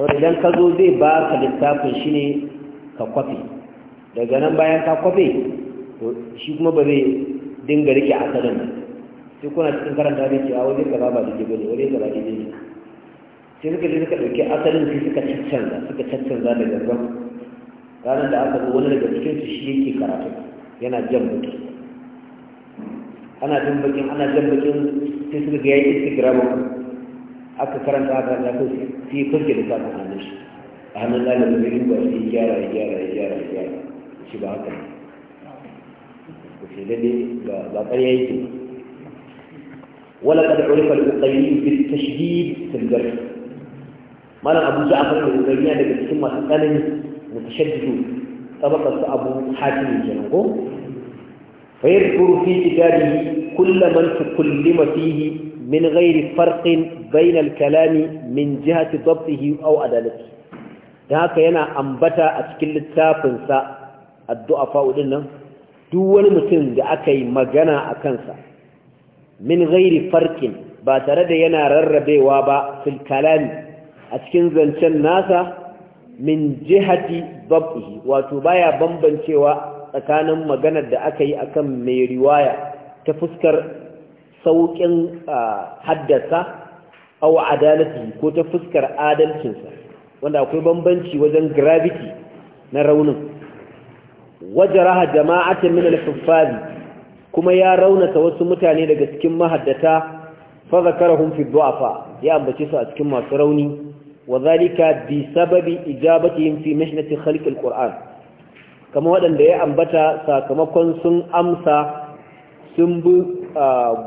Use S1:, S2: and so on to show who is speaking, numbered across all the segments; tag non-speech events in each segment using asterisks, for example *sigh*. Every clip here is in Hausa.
S1: saboda idan ka zo zai ba ka littafin shi ne ka kwafe daga nan bayan ka kwafe shi kuma ba zai dinga rike asalin sai kuna cikin karanta da ke a wajen gaba ba da jibe ne wajen gaba da jibe sai suka je suka ɗauki asalin sai suka caccanza suka caccanza da gangan ranar da aka zo wani daga cikin su shi yake karatu yana jan baki ana jan bakin ana jan bakin sai suka ga yayi instagram aka karanta aka ga sai sai farke da kafin hannun shi a hannun ɗalibin bai duba sai gyara ya gyara ya gyara ya gyara shi ba haka ku ce lalle ba ƙarya yake wala kada urifa al-uqayli bil tashdid fil barr malam abu ja'far al-uqayli daga cikin masu tsanani mutashaddidu tabaqatu abu hatim kenan ko fa yadhkuru fi kitabihi kulla man tukallima fihi min ghairi farqin bainal kalami min jihati dabtihi aw adalati da haka yana ambata a cikin littafinsa. sa addu'a fa'udin nan duk wani mutum da aka yi magana a kansa min ghairi farqin ba tare da yana rarrabewa ba fil kalami a cikin zancen nasa min jihati dabtihi wato baya bambancewa tsakanin maganar da aka yi akan mai riwaya ta fuskar sauƙin haddasa aw adalati ko ta fuskar adalcinsa wanda akwai bambanci wajen gravity na raunin wajaraha jama'atin min al-huffazi kuma ya raunata wasu mutane daga cikin mahaddata fa zakarahum fi du'afa ya ambace su a cikin masu rauni وذلك بسبب إجابتهم في مهنة خلق القرآن kama ودن ya ambata sakamakon sun amsa. sun bi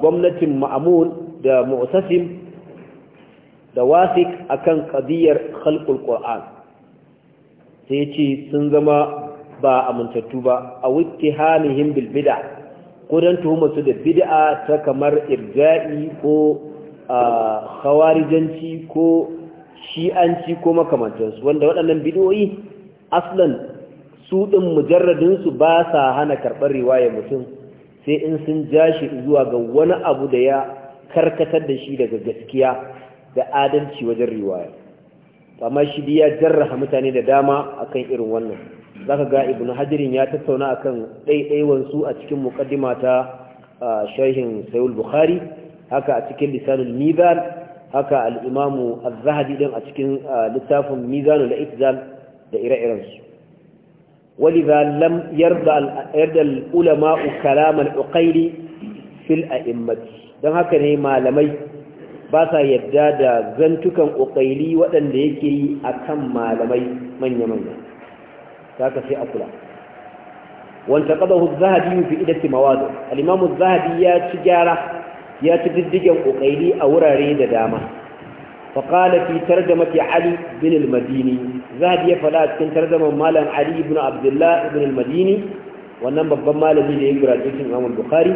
S1: gwamnatin ma'amun da mu'tasim da wasik akan ƙaziyar khalqul ƙor'an sai ce sun zama ba amintattu ba a wuce hannun bid'a ko dan su da bid'a ta kamar irja'i ko hawarijanci ko shi'anci ko makamantansu wanda waɗannan bidoyi aslan su ɗin mujarradinsu ba sa hana karɓar riwayar mutum sai in sun ja shi zuwa ga wani abu da ya karkatar da shi daga gaskiya da adalci wajen riwaya amma shi ya jarraha mutane da dama akan irin wannan za ka ga ibn hajirin ya tattauna akan ɗaiɗaiwansu a cikin muqaddima ta sayul bukhari haka a cikin lisanul mizan haka al-imamu ɗin a cikin littafin mizanul da ire-irensu ولذا لم يرضى العلماء كلام العقيل في الأئمة don haka ne malamai ba sa yadda da zantukan ƙoƙaili waɗanda yake yi a kan malamai manya-manya ta ka sai a kula wanta ƙaba zahabi yi fi idatti mawazo alimamu zahabi ya ci gyara ya ci diddigen ƙoƙaili a wurare da dama فقال في ترجمة علي بن المديني ذهب يفلا أتكن ترجمة مالا علي بن عبد الله بن المديني wannan babban malami da ya graduation Imam Bukhari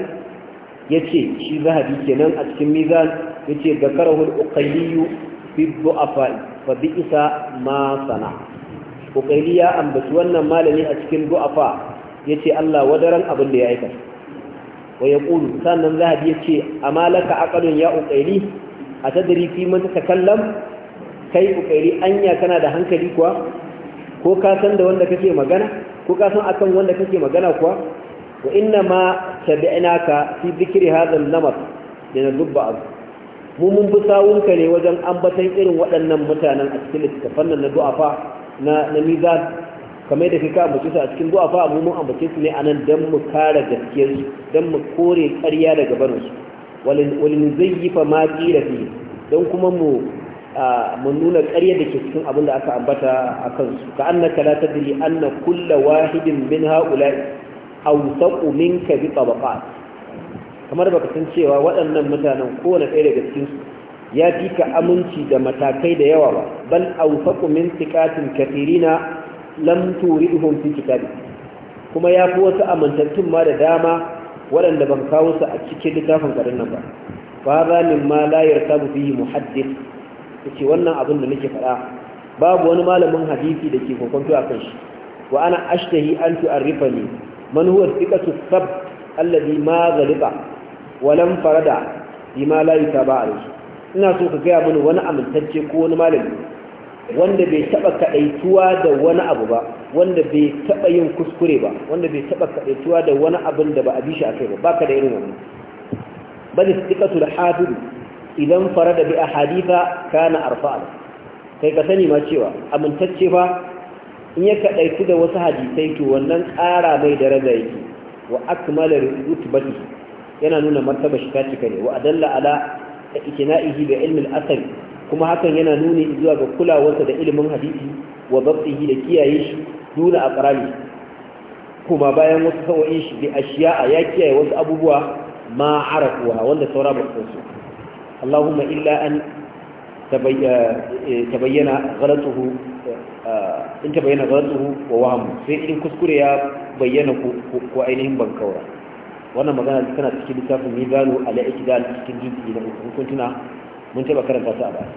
S1: yace shi zahabi kenan a cikin mizan yace zakarahu al-uqayli fi du'afa fa bi'sa ma sana uqayli ya ambaci wannan malami a cikin du'afa yace Allah wadaran abin da ya aikata wa sannan zahabi yace amalaka aqalun ya uqayli a tadari fi ta tatakallam kai ukairi anya kana da hankali kuwa ko ka san da wanda kake magana ko ka san akan wanda kake magana kuwa wa inna ma tabi'naka fi dhikri hadha al-namr da dubba abu mu mun bi sawunka ne wajen ambatan irin waɗannan mutanen a cikin littafan na na du'afa na na mizan kamar da kika ambace su a cikin du'afa mu mun ambace su ne anan dan mu kare gaskiyar su dan mu kore ƙarya daga barin su walinuzayyifa ma qila fi don kuma mu mu nuna ƙarya da ke cikin abin da aka ambata a kansu ka annaka la tadri anna kulla wahidin min haula'i awsaqu minka bi tabaqat kamar baka san cewa waɗannan mutanen kowane ɗaya daga cikin su ya fi ka aminci da matakai da yawa ba bal ausa min tikatin kathirina lam turidhum fi kitabi kuma ya fi wasu amintattun ma da dama waɗanda ba kawo su a cikin littafin garin nan ba Ba za min ma la yartabu bihi muhaddith yace wannan abin da nake faɗa babu wani malamin hadisi da ke kokonto a kan shi wa ana ashtahi an tu'arrifani man huwa thiqatu sab alladhi ma ghaliba wa lam farada bima la yutaba alayhi ina so ka gaya mini wani amintacce ko wani malami wanda bai taba kaɗaituwa da wani abu ba wanda bai taɓa yin kuskure ba wanda bai taɓa kaɗaituwa da wani abin da ba a bishi a kai ba ba ka da irin wani bal istiqatu al-hafiz idan farada bi ahaditha kana arfa'a kai ka sani ma cewa amintacce ba in ya kaɗaitu da wasu hadisai to wannan ƙara mai daraja yake wa akmala rutubati yana nuna martaba shi ta cika ne wa adalla ala ikina'ihi bi ilmi al kuma hakan yana nuni zuwa ga kulawarsa da ilimin hadisi wa babtihi da kiyaye shi duna a ƙarami kuma bayan wasu sa'o'in shi bi a ya kiyaye wasu abubuwa ma arafuwa wanda saura ba su su Allahumma illa an eh, eh, tabayyana ghalatuhu eh, in tabayyana ghalatuhu wa wahamu sai in kuskure ya bayyana ko ainihin bankaura wannan magana tana cikin littafin mizanu ala ikdal cikin jinsi na hukuntuna mun taɓa karanta su a baya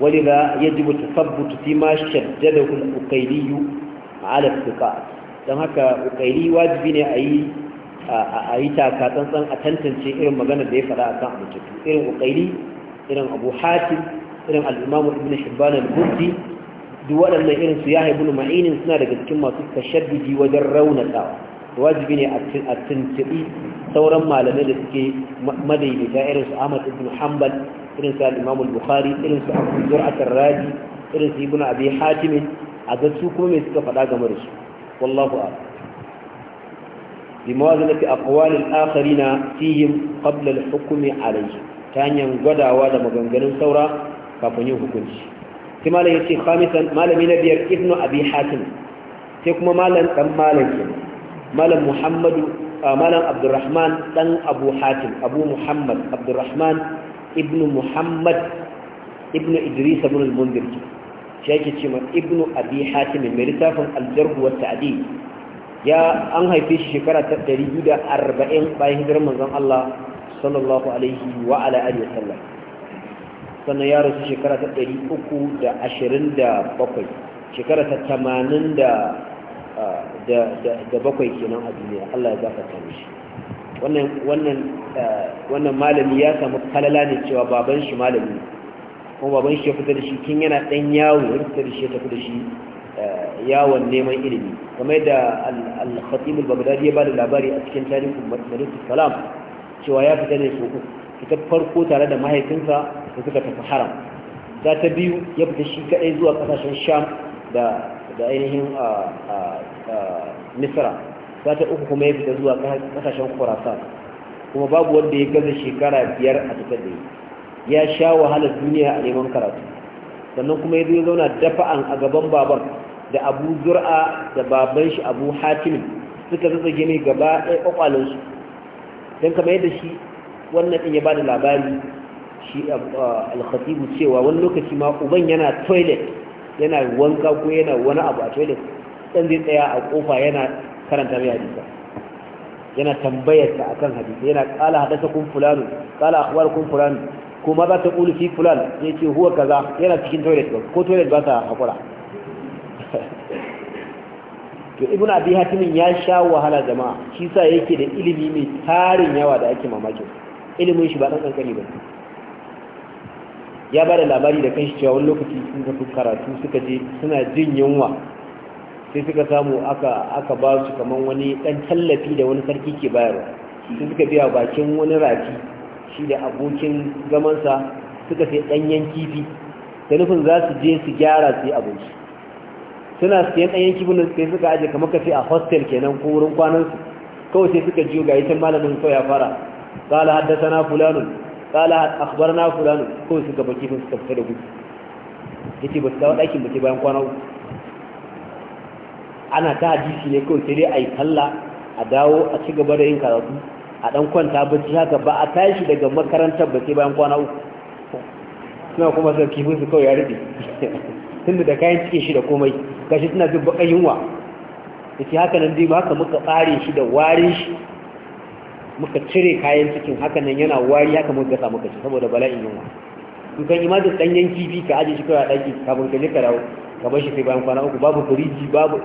S1: ولذا يجب التثبت فيما شدده الأقيلي ala tuka don haka ukairi wajibi ne a yi a yi taka tsantsan a tantance irin magana da ya faɗa a kan abincin irin ukairi irin abu hatim irin al'imamu ibn shibban al-burdi duk waɗannan irin su ya ma'inin suna daga cikin masu tashaddidi wajen raunatawa wajibi ne a tuntuɓi sauran malamai da suke madaidaita irin su ahmad ibn hanbal irin su al al-bukhari irin su abu zur'atar raji irin su ibn abi hatim a ga su kuma mai suka faɗa game da su wallahu a bi mawazinati aqwalil na fihim qabla al-hukmi alayhi ta hanyar gwadawa da maganganun saura kafin yin hukunci sai malam yace khamisan malami na biyar ibnu abi hatim sai kuma malam dan malam kenan malam muhammadu malam abdurrahman dan abu hatim abu muhammad abdurrahman ibnu muhammad ibnu idris ibn al-mundir shi ce ce ibnu abi hatim mai littafin aljarhu wa ta'dil ya an haife shi shekara ta 240 bayan hijirar manzon Allah sallallahu alaihi wa ala alihi wasallam sannan ya rasu shekara ta 327 shekara ta 80 da bakwai kenan a duniya Allah ya gafarta mishi wannan wannan wannan malami ya samu kalala ne cewa baban shi malami ne kuma baban shi ya fita da shi kin yana ɗan yawo ya fita da shi ya tafi da shi eh, yawon neman ilimi kuma yadda al-khatib al ya bada labari a cikin tarihin malik salam cewa ya fita ne so uku fita farko tare da mahaifinsa da suka tafi haram za ta biyu ya fita shi kaɗai zuwa ƙasashen sham da da ainihin misra za ta uku kuma ya fita zuwa ƙasashen khurasan kuma babu wanda ya gaza shekara biyar a tafiya da yi ya sha wahalar duniya a neman karatu sannan kuma ya zo zauna dafa'an a gaban babar, da abu zur'a da baban shi abu hatim suka zazzage gini gaba ɗaya ƙwaƙwalinsu don kamar yadda shi wannan ɗin ya ba da labari shi uh, alkhatibu cewa wani lokaci ma uban yana toilet yana wanka ko yana wani abu a toilet ɗan zai tsaya a ƙofa yana karanta mai hadisa yana a akan hadisa yana ƙala hadasa kun fulano ƙala akhbar kun fulano kuma za ta ƙulu fi fulan ya ce huwa kaza yana cikin toilet ba ko toilet ba ta haƙura
S2: *laughs*
S1: to ibn abi hatimin ya sha wahala jama'a shi sa yake da ilimi mai tarin yawa da ake mamakin ilimin shi ba ɗan ƙanƙani ba ya ba da labari da kanshi cewa wani lokaci sun tafi karatu suka je suna jin yunwa sai suka samu aka ba su kamar wani ɗan tallafi da wani sarki ke bayarwa sai suka biya bakin wani rafi shi da abokin gamansa suka sai ɗanyen kifi da nufin za su je su gyara su yi abinci suna siyan ɗanyen kifin da sai suka aje kamar kafi a hostel kenan ko wurin kwanansu kawai sai suka jiyo ga itan malamin kawai ya fara kala haddasa na fulanun kala akbar na fulanun kawai suka baki kifin suka fita da gudu yake ba su dawo ɗakin baki bayan kwana uku ana ta hadisi ne kawai sai dai a yi sallah a dawo a ci gaba da yin karatu a ɗan kwanta bacci haka ba a tashi daga makarantar ba sai bayan kwana uku suna kuma sai kifin su kawai ya rufe *laughs* tunda da kayan cike shi da komai gashi suna jin baƙa yunwa yace haka nan dai haka muka tsare shi da warin shi muka cire kayan cikin haka nan yana wari haka muka gasa muka ci saboda bala'in yunwa in kan imajin ɗanyen kifi ka aji shi kawai a ɗaki kafin ka je ka dawo ka bar shi sai bayan kwana uku babu firiji babu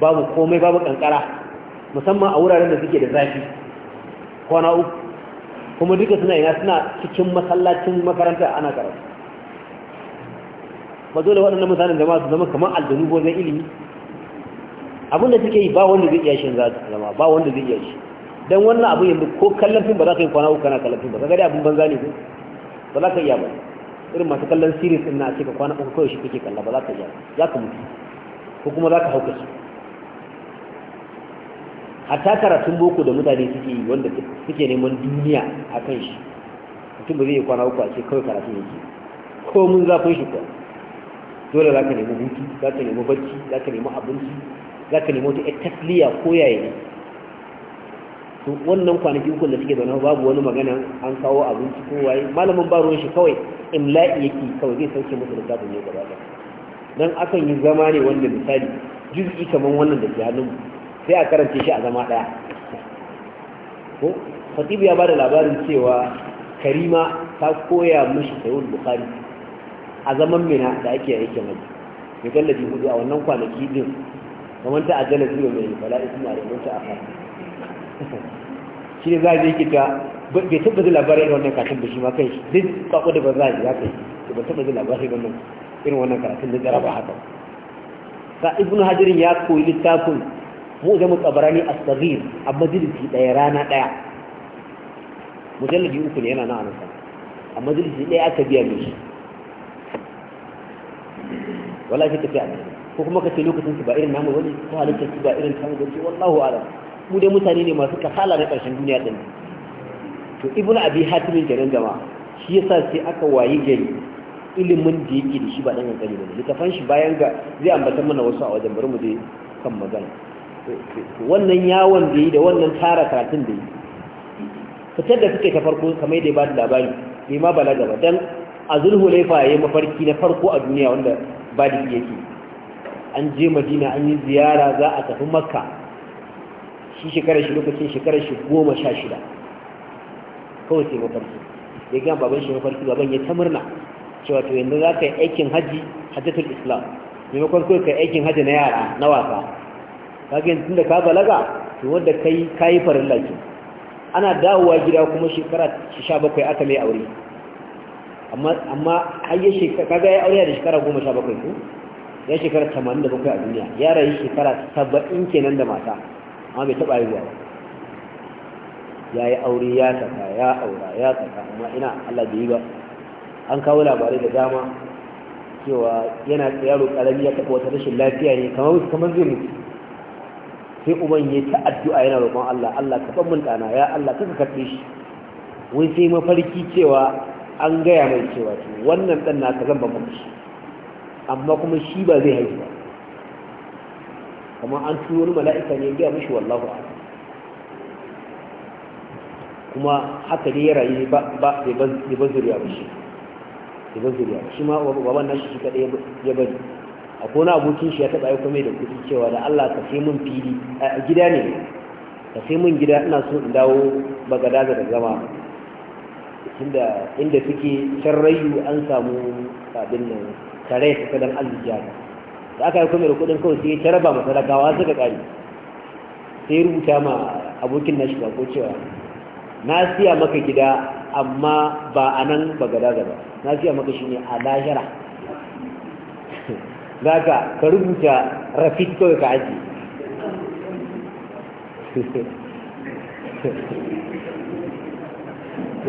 S1: babu komai babu kankara musamman a wuraren da suke da zafi kwana uku kuma duka suna yana suna cikin masallacin makaranta ana karatu ba dole waɗannan mutanen zama su zama kamar aljanu zai ilimi abinda suke yi ba wanda zai iya shi zama ba wanda zai iya shi don wannan abu yanzu ko kallon fim ba za ka yi kwana uku kana kallon fim ba ka dai abin banza ne ko ba za ka iya ba irin masu kallon siris ɗin na ce ka kwana uku kawai shi kake kalla ba za ka iya za ka mutu ko kuma za ka hauka shi hatta karatun boko da mutane suke yi wanda suke neman duniya a kan shi mutum ba zai yi kwana uku a ce kawai karatun yake ko mun zafin shi kuwa dole za ka nemi hutu za ka nemi bacci za ka nemi abinci za ka nemi wata tasliya ko yaya ne to wannan kwanaki uku da suke zaune babu wani magana an kawo abinci ko waye malamin ba ruwan shi kawai la'i yake kawai zai sauke masa musu littafin ne gaba ɗaya dan akan yi zama ne wanda misali jirgi kaman wannan da ke hannun sai a karance shi a zama ɗaya ko fatibu ya bada labarin cewa karima ta koya mishi sayyid bukhari a zaman mina da ake yake mai ya gallabi hudu a wannan kwanaki din kamar ta ajala zuwa mai fala isma da wata afa shi ne za a je kita bai taba da labarin irin wannan katin da shi ma kai duk kwakwa da ba za a ji za ka yi ba taba da labarin wannan irin wannan kafin da jaraba haka sa ibnu hajarin ya koyi littafin mu da mutabarani a saghir a majalisi ɗaya rana ɗaya mujalladi uku ne yana nan anasa a majalisi ɗaya aka biya shi wala shi tafiya ne ko kuma kace lokacin su ba irin namu wani ko halittar su ba irin tamu bane wallahu a'lam mu dai mutane ne masu kasala na karshen duniya ɗin to ibnu abi hatim kenan jama'a shi yasa sai aka wayi gari ilimin da yake da shi ba ɗan yankari ba ne. littafan shi bayan ga zai ambata mana wasu a wajen bari mu je kan magana wannan yawon da yi da wannan tara karatun da yi fitar da suke ta farko kamar da ba da labari bai ma bala gaba. dan a laifa ya mafarki na farko a duniya wanda ba da yake an je madina an yi ziyara za a tafi makka shi shekarar shi lokacin shekarar shi goma sha shida kawai sai mafarki ya gan baban shi mafarki baban ya ta murna cewa to yanzu za ka yi aikin hajji hajjatul islam maimakon kawai ka yi aikin hajji na yara na wasa kage yanzu tunda ka balaga to wanda kai kai farin ki ana dawowa gida kuma shekara 17 aka mai aure amma amma har ya shekara kaga ya aure da shekara 17 ko ya shekara 87 a duniya ya rayu shekara 70 kenan da mata amma bai taba haihuwa ya yi aure ya saka ya aura ya saka amma ina Allah bai yi ba an kawo labarai da dama cewa yana yaro karami ya taba wata rashin lafiya ne kamar kamar zai mutu sai uban ya ta addu'a yana roƙon Allah Allah ka ban mun dana ya Allah ka kafe shi wai sai mafarki cewa an gaya mai cewa to wannan dan ka zan mun shi amma kuma shi ba zai haihu ba kuma an turo wani mala'ika ne ya gaya mishi wallahu kuma haka dai ya rayu ba ba bai zuriya ba shi ba zuriya shi ma baban nashi shi kadai ya bari a kona abokin shi ya taɓa yi mai da kudi cewa da Allah ka sai mun fili a gida ne ka sai mun gida ina so in dawo bagada da zama inda inda suke sharrayu an samu sabin nan kare ta kadan arziki da aka yi mai da kuɗin kawai sai ya taraba masalakawa suka kare. sai rubuta ma abokin nashi ba ko cewa na siya maka gida amma ba a nan bagada ba na siya maka shi ne a lahira za ka ka rubuta rafit kawai ka aji *laughs*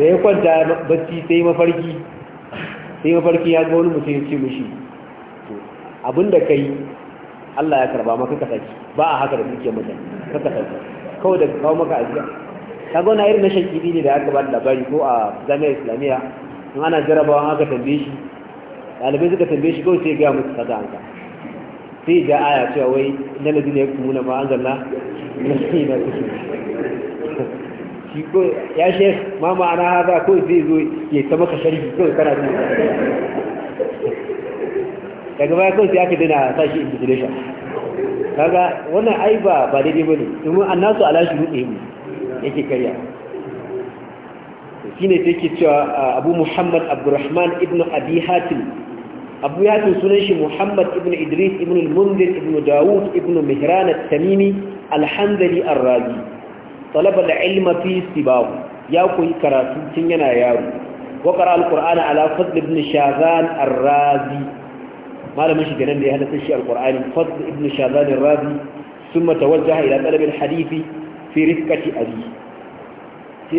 S1: da ya kwanta bacci sai mafarki sai mafarki ya ga wani mutum ya ce mushi abinda ka yi Allah ya karba maka kasashe ba a haka da suke mutum ka kasashe kawai da kawo maka ajiya ta gona irin na shakiri ne da aka ba da labari ko a jami'ar islamiyya in ana jarabawa haka tambaye shi ɗalibai suka tambaye shi kawai sai gaya musu kaza an sai ga aya cewa wai na lazi ne kuma na ma an zanna na shi na kusur shi ko ya she ma ma'ana haza ko zai zo ya ta maka sharhi kawai kana su daga baya kawai sai aka dina sa shi invitation kaga wannan ai ba ba daidai bane domin annasu ala shi ruɗe mu yake karya shine take cewa abu muhammad abdurrahman ibn abi hatim abu ya sunan shi muhammad ibn idris ibn al-mundir ibn dawud ibn mihran at-tamimi al ar-razi talaba al-ilma fi ya koyi karatu tun yana yaro wa qara al-qur'ana ala fadl ibn shazan ar-razi malamin shi ganin da ya hada shi al-qur'ani fadl ibn shazan ar-razi thumma tawajjaha ila ɗalibin al fi sai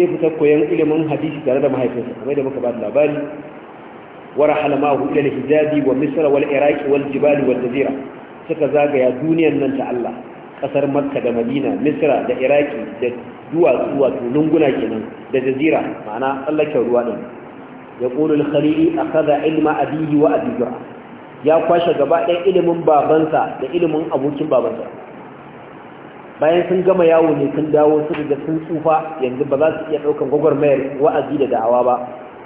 S1: fita koyan ilimin hadisi tare da mahaifinsa kamar da muka ba labari ورحل معه إلى الهجاز ومصر والعراق والجبال والجزيرة zagaya duniyar nan ta Allah, kasar makka da madina misra da iraki da duwatsu wato lunguna kenan da jazira ma'ana tsallaken ruwa din ya ƙulul khalili a kaza ilma abihi wa abijira ya kwashe gaba ɗaya ilimin babansa da ilimin abokin babansa bayan sun gama yawo ne sun dawo su daga sun tsufa yanzu ba za su iya ɗaukar gwagwarmayar wa'azi da da'awa ba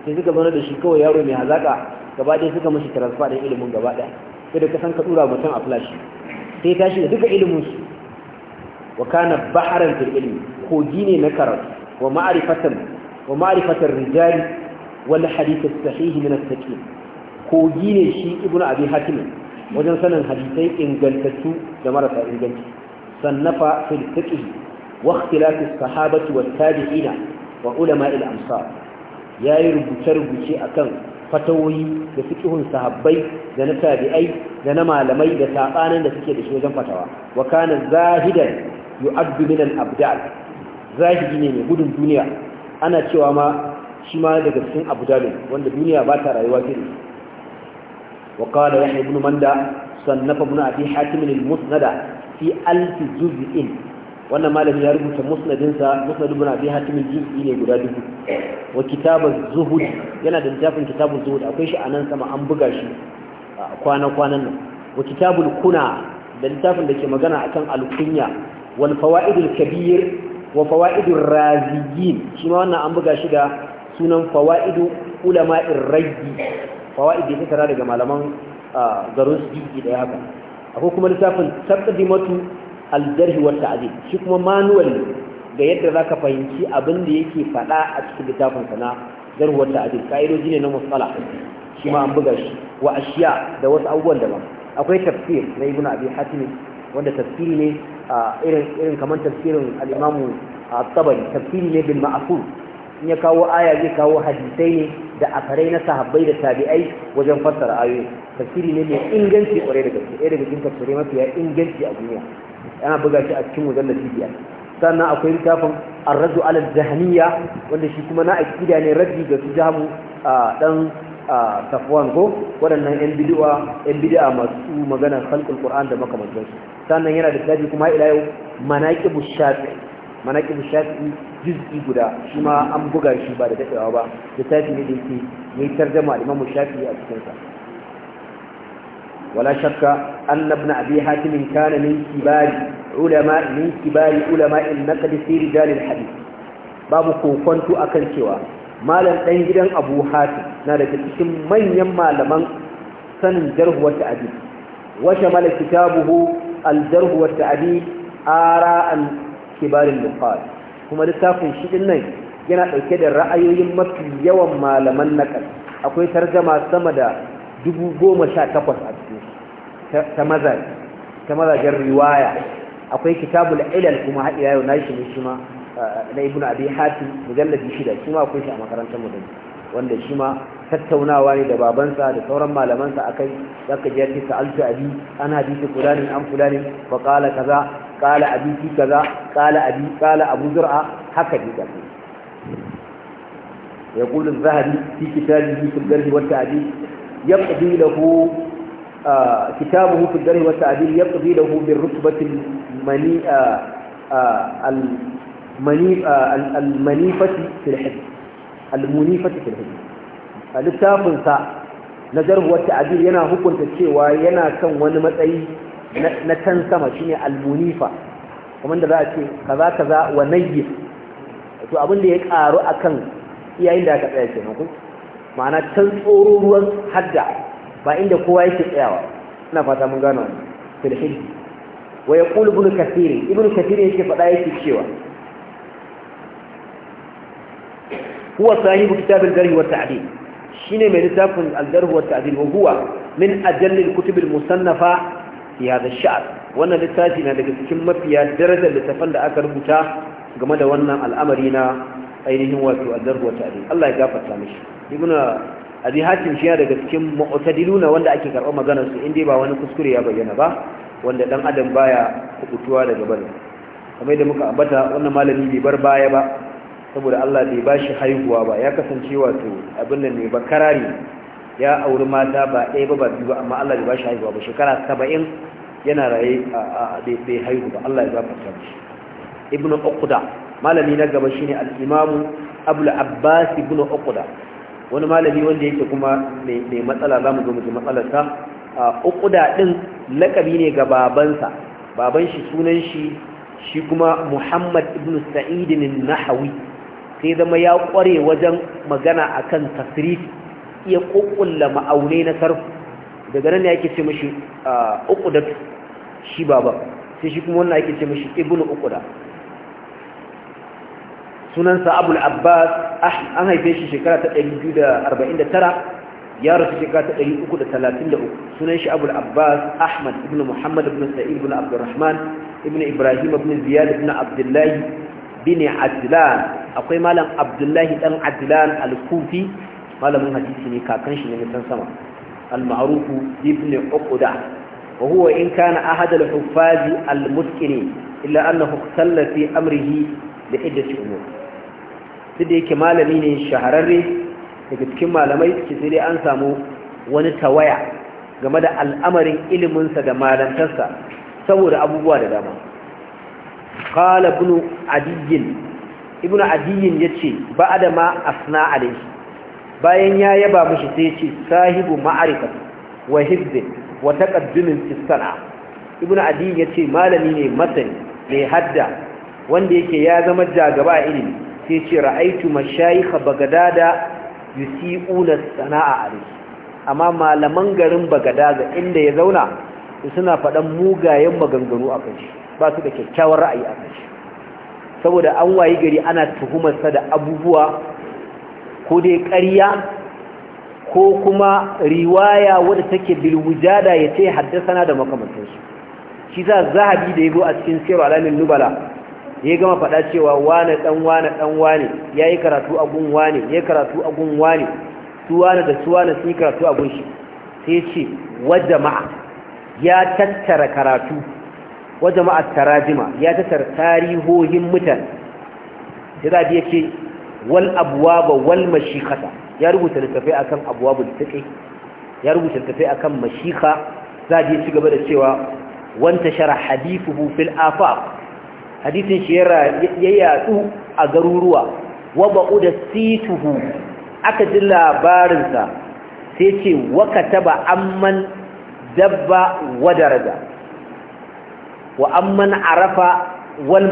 S1: sai suka zauna da shi kawai yaro mai hazaka gaba ɗaya suka mashi transfer ɗin ilimin gaba ɗaya sai da kasan ka tura mutum a flash sai tashi da duka ilimin su wa kana baharan fil ilmi kogi ne na karatu wa ma'rifatan wa ma'rifatan rijali wal hadith as-sahih min as-saqim kogi ne shi ibnu abi hatim wajen sanin hadisai ingantattu da marasa inganci sannafa fil fiqh wa ikhtilaf as-sahabati wat-tabi'ina wa ulama'il al-amsar ya yi rubuce-rubuce a kan fatawoyi da fikihun sahabbai da na tabi'ai da na malamai da saɓanin da suke da shi wajen fatawa wa kana zahidan yu'addu min abdal zahidi ne mai gudun duniya ana cewa ma shi ma daga cikin abdalin wanda duniya ba ta rayuwa ke wa qala yahya ibn manda sannafa ibn abi hatim al-musnada fi alfi juz'in wannan malami ya rubuta musnadinsa musnad ibn abi hatim juz'i ne guda dubu wa kitabuz zuhud yana da littafin kitabuz zuhud akwai shi a sama an buga shi kwana kwanan nan wa kitabul kuna da littafin da ke magana akan al-kunya wal fawaidul kabir wa fawaidur raziyin shi ma wannan an buga shi da sunan fawaidu ulama'ir rayyi fawaidi ta tara daga malaman ah, garin su da haka akwai kuma littafin taqdimatu aljarhi wa ta'dil shi kuma manual ga yadda zaka fahimci abin da yake faɗa a cikin littafin sana na jarh wa ta'dil kaidoji ne na musala shi ma an buga shi wa ashiya da wasu abubuwan daban akwai tafsir na ibn abi hatim wanda tafsiri ne irin irin kamar tafsirin al-imamu at-tabari tafsiri ne bil ma'qul in ya kawo aya zai kawo hadisai ne da akarai na sahabbai da tabi'ai wajen fassara ayoyi tafsiri ne mai inganci kwarai da gaske ɗaya daga cikin tafsirai mafiya inganci a duniya ana buga shi a cikin wajen biyar sannan akwai littafin arraddu ala jahmiya wanda shi kuma na akida ne raddi ga su jamu dan safwan ko waɗannan yan bid'a yan bid'a masu magana khalqul qur'an da makamantansu sannan yana da tafsiri kuma ila yau manaqibush shafi'i manaƙin shafi jizgi guda shi ma an buga shi ba da daɗewa ba littafi ne da yake mai tarjama imamu shafi a cikinsa ولا شك أن ابن أبي حاتم كان من كبار علماء من كبار علماء النقد dalil رجال Babu باب a kan cewa malam ɗan gidan Abu Hatim na daga cikin manyan malaman sanin jarhuwar ta'adi ta'dil wa shamala kitabuhu al-jarh wa ta'dil kibarin bukhari kuma littafin shi din nan yana ɗauke da ra'ayoyin mafi yawan malaman naƙal akwai tarjama sama da dubu goma sha takwas a cikin ta ta mazajen riwaya akwai kitabul ilal kuma haɗiya ila yau nashi ne shi ma eh, na ibnu abi hatim mujalladi shida shi ma akwai shi a makarantar mu wanda shi ma tattaunawa ne da babansa da sauran malamansa akai zaka je ya ce sa'altu abi an hadisi fulani an fulani fa qala kaza qala abi fi kaza abi abu zur'a haka dai gashi ya az-zahabi fi kitabihi fi al-jarh wa tadil yaqdi lahu كتابه في الدرء والتعديل يقضي له بالرتبة المنيئة na jarhuwar yana hukunta cewa yana kan wani matsayi na can sama shine almunifa kuma da za a ce kaza kaza wa nayyi to abin da ya karu akan iyayen da aka tsaya kenan ko ma'ana can tsoro ruwan hadda ba inda kowa yake tsayawa ina fata mun gano fil hijj wa ya yaqulu ibn kathir ibn kathir yake faɗa yake cewa huwa sahibu kitab al-jarh wa ta'dil shine mai littafin al-jarh wa ta'dil wa huwa min ajall al-kutub al-musannafa fi sha'ar. wannan littafi na daga cikin mafiya darajar littafan da aka rubuta game da wannan al'amari na ainihin wato azzar wa ta'dil Allah ya gafarta mishi ibnu abi hatim shi daga cikin mu'tadiluna wanda ake karɓar maganar su inda ba wani kuskure ya bayyana ba wanda dan adam baya kubutuwa daga bane kamar da muka ambata wannan malami bai bar baya ba saboda Allah bai bashi haihuwa ba ya kasance wato abin da ne bakarari ya auri mata ba ɗaya ba ba biyu amma Allah bai ba shi haihuwa ba shekara saba'in yana raye bai haihu ba Allah ya ba shi ibn uqda malami na gaba shine al-imam abul abbas ibn uqda wani malami wanda yake kuma mai matsala zamu zo mu ji matsalarsa uqda din lakabi ne ga babansa baban shi sunan shi shi kuma muhammad ibn sa'id an-nahawi sai zama ya kware wajen magana akan tasrifi iya kokulla ma'aunai na sarfu daga nan ne yake ce mashi uqudat shi baba sai shi kuma wannan yake ce mashi ibnu uquda sunansa abul abbas ah, an haife shi shekara ta 249 ya rasu shekara ta 333 sunan shi abul abbas ahmad ibn muhammad ibn sa'id ibn abdurrahman ibn ibrahim ibn ziyad ibn abdullahi bin adlan akwai malam abdullahi dan adlan al-kufi malamin hadisi ne kakan shi ne mutan sama al-ma'ruf ibn uqda wa huwa in kana ahad al-huffaz al-mutqini illa annahu ikhtalla fi amrihi da iddati umur sai yake malami ne shahararre daga cikin malamai suke sai dai an samu wani tawaya game da al'amarin iliminsa da malantarsa saboda abubuwa da dama qala ibn adiyyin ibn adiyyin yace ba'da ma asna alayhi bayan ya yaba mashi sai ce sahibu ma'arifa wa hizbi wa taqaddumin fi sana'a ibnu adi yace malami ne masani mai hadda wanda yake ya zama jagaba a ilimi sai ce ra'aitu mashayikha bagadada na sana'a alayhi amma malaman garin bagadada inda ya zauna suna faɗan mugayen maganganu a kai ba su da kyakkyawar ra'ayi a kai saboda an wayi gari ana tuhumarsa da abubuwa ko dai ƙarya ko kuma riwaya wadda take bilwujada ya ce na da makamantarsu, shi za zahabi da ya zo a cikin siyar alamin nubala ya gama faɗa cewa wane ɗan wane ɗan wane ya yi karatu a gun wane ya karatu a gun wane su wane da su wane sun yi karatu a gun shi sai ce wadda ma'a ya tattara karatu wadda ma'a tarajima ya tattara tarihohin mutane ya ce wal abwaba wal mashikhata ya rubuta littafai akan abwabul fiqh ya rubuta littafai akan mashikha za je ci gaba da cewa wanta shara hadithuhu fil afaq hadithin shi ya yatsu a garuruwa wa ba'uda situhu aka ji labarinsa sai ce wa kataba dabba wa wa amman arafa wal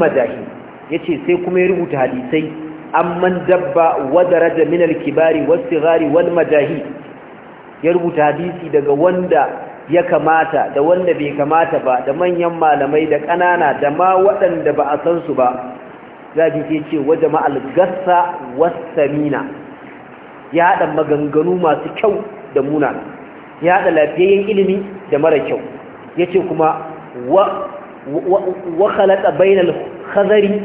S1: yace sai kuma ya rubuta hadisai amman dabba wadaraja min kibari was-sighari wal-majahi ya rubuta hadisi daga wanda ya kamata da wanda bai kamata ba da manyan malamai da ƙanana da ma waɗanda ba a san su ba zafi ke ce wajen jama'al gassa was-samina ya hada maganganu masu kyau da muna ya hada lafiyayyen ilimi da mara kyau yace kuma wa khalata bainal khazari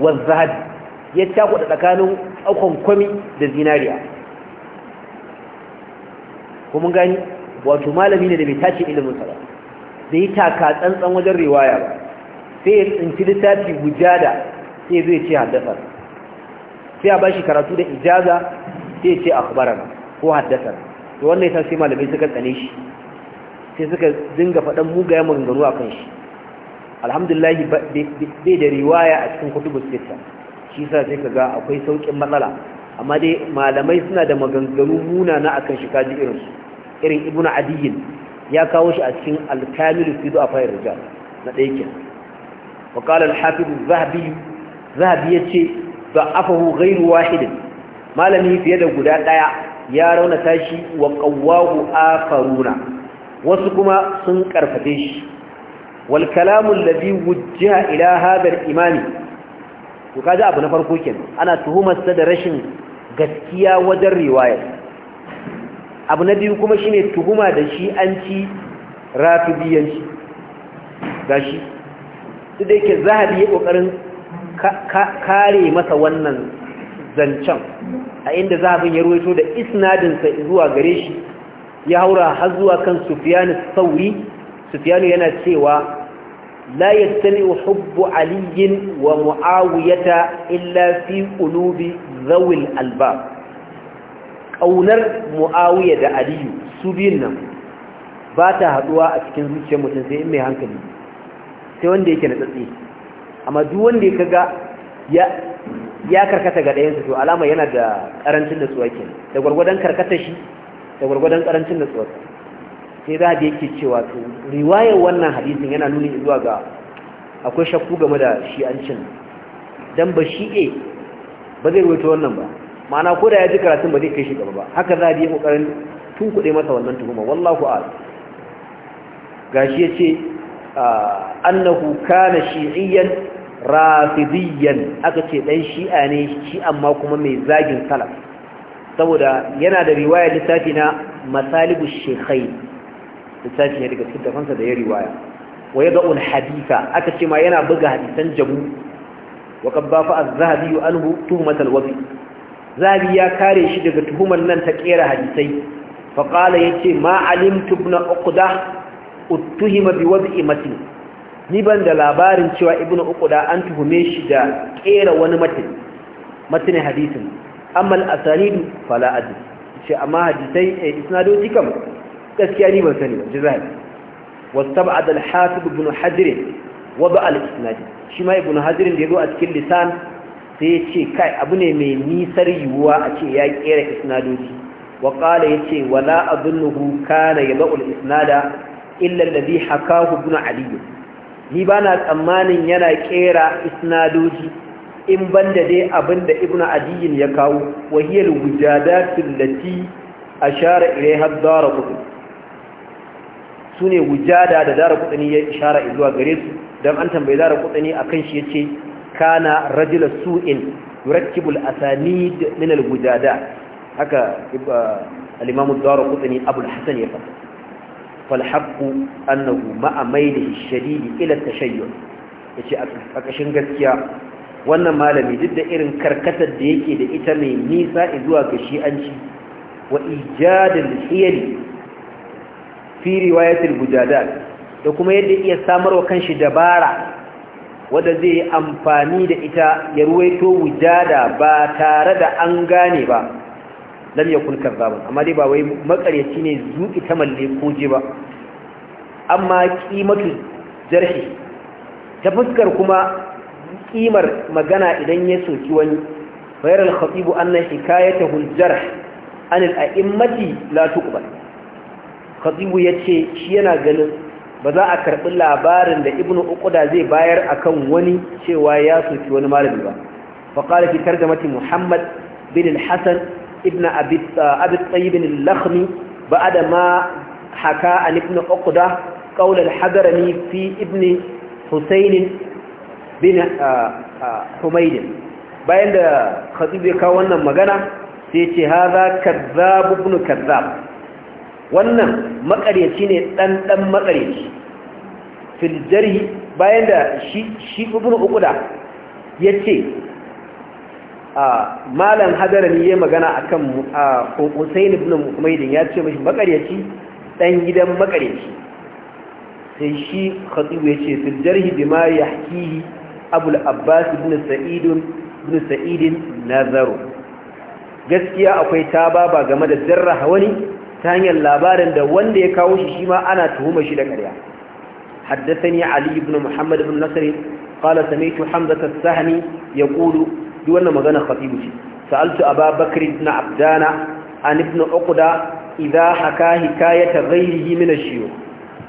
S1: waz-zahabi ya da tsakanin akon kwami da zinariya kuma gani wato malami ne da bai tashi ilimin sa ba yi taka tsantsan wajen riwaya ba sai ya tsinci littafi gujada sai zai ce haddasa sai ba bashi karatu da ijaza sai ya ce akhbarana ko haddasa to wannan ya sai malamai suka tsane shi sai suka dinga faɗan mugayen maganganu a kan shi alhamdulillah bai da riwaya a cikin kutubus sittah shi sa sai kaga akwai saukin matsala amma dai malamai suna da maganganu muna na akan shi kaji irin su irin ibnu adiyin ya kawo shi a cikin al-kamil fi du'a fa rijal na ɗaya kenan wa qala al-hafiz zahabi zahabi yace da'afahu ghayru wahid malami fiye da guda daya ya raunata shi wa qawwahu akharuna wasu kuma sun karfafe shi wal kalamu alladhi wujjiha ila hadha al-imami to kaji abu na farko kenan ana tuhumarsa da rashin gaskiya wajen riwaya abu na biyu kuma shine tuhuma da shi an ci rafidiyanci gashi duk da yake zahabi ya kokarin kare masa wannan zancen a inda zahabin ya ruwaito da isnadinsa zuwa gare shi ya haura har zuwa kan sufiyanu sauri sufiyanu yana cewa لا يجتمع حب wa ومعاوية إلا في قلوب ذوي الألباب ƙaunar mu'awiyar da aliyu su biyun nan ba ta haɗuwa a cikin zuciyar mutum sai in mai hankali sai wanda yake na tsatsi amma duk wanda ya kaga ya karkata ga ɗayansa to alama yana da ƙarancin da tsuwa ke da gwargwadon karkata shi da gwargwadon ƙarancin da sai za da yake cewa to riwayar wannan hadisin yana nuni zuwa ga akwai shakku game da shi'ancin dan ba shi'e ba zai ruwaito wannan ba ma'ana ko da ya ji karatun ba zai kai shi gaba ba haka za da yi kokarin tun masa wannan tuhuma wallahu a. gashi ce, annahu kana shi'iyyan rafidiyyan aka ce dan shi'a ne shi amma kuma mai zagin salaf saboda yana da riwaya tafi na masalibu shekhai littafi ne daga cikin tafansa da ya riwaya wa ya ga'un haditha aka ce ma yana buga hadisan jamu wa ba fa a zahabi anhu tuhmat al zahabi ya kare shi daga tuhumar nan ta kera hadisai fa ya ce ma alimtu ibn uqda uttuhima bi wasu matin ni ban da labarin cewa ibn uqda an tuhume shi da kera wani matin matin hadisin amma al-asanid fala adri ce amma hadisai eh, isnadoji kam gaskiya ni ban sani ba jizani wastab'ad al-hafiz ibn hajr wada al-isnad shi ma ibn hajr da zo a cikin lisan sai yace kai abu ne mai nisar yuwa a ce ya kera isnadoji wa qala yace wala adunnuhu kana yad'u al-isnada illa alladhi hakahu ibn Aliyu. ni bana tsammanin yana kera isnadoji in banda dai abinda ibn adiyin ya kawo wahiyar a share ashara ilaiha ad-darqutni su ne wujada da Zara kudani ya ishara zuwa gare su don an tambayi Zara kudani a kan shi ya ce kana rajula su'in yurakkibul asani min al-wujada haka uh, al-imamu dara kudani abul hasan ya faɗa fal annahu ma'a da shadid ila at Ya ce a kashin gaskiya wannan malami duk da irin karkatar da yake da ita mai nisa zuwa ga shi'anci wa ijadul hiyali fi riwayatul bujadat da kuma yadda iya samarwa kanshi dabara wanda zai yi amfani da ita ya ruwaito wujada ba tare da an gane ba lam yakun kazzabun amma dai ba wai makaryaci ne zuki ta malle koje ba amma kimatu jarhi ta fuskar kuma kimar magana idan ya soki wani bayar al anna hikayatahu al-jarh an al-a'immati la tuqbal katsibu ya ce shi yana ganin ba za a karɓi labarin da Ibn uquda zai bayar akan wani cewa ya soki wani malami ba fa qala fi tarjamati muhammad bin al-hasan ibn abi uh, abi tayyib al-lakhmi ba'da ma haka an ibn uquda qawl al-hadrami fi ibn husayn bin uh, uh, humayd bayan da khatibu ya kawo wannan magana sai ce haza kadhab ibn kadhab wannan maƙaryaci ne ɗanɗan makaryaci filjarhi bayan da shi ibn ukuda ya ce malam ne ya magana akan husain ibn muhammadin ya ce mashi makaryaci ɗan gidan makaryaci sai shi khatibu ya ce filjarhi bima yahkihi abul abbas ibn sa'id ibn nazaru gaskiya akwai tababa game da jarraha wani ta hanyar labarin da wanda ya kawo shi shi ma ana tuhumar shi da ƙarya haddasani ali ibn muhammad ibn nasr qala sami'tu hamza as-sahmi yaqulu duk wannan magana khatibu ce sa'altu aba bakr ibn abdana an ibn uqda idha haka hikayata ghayrihi min ash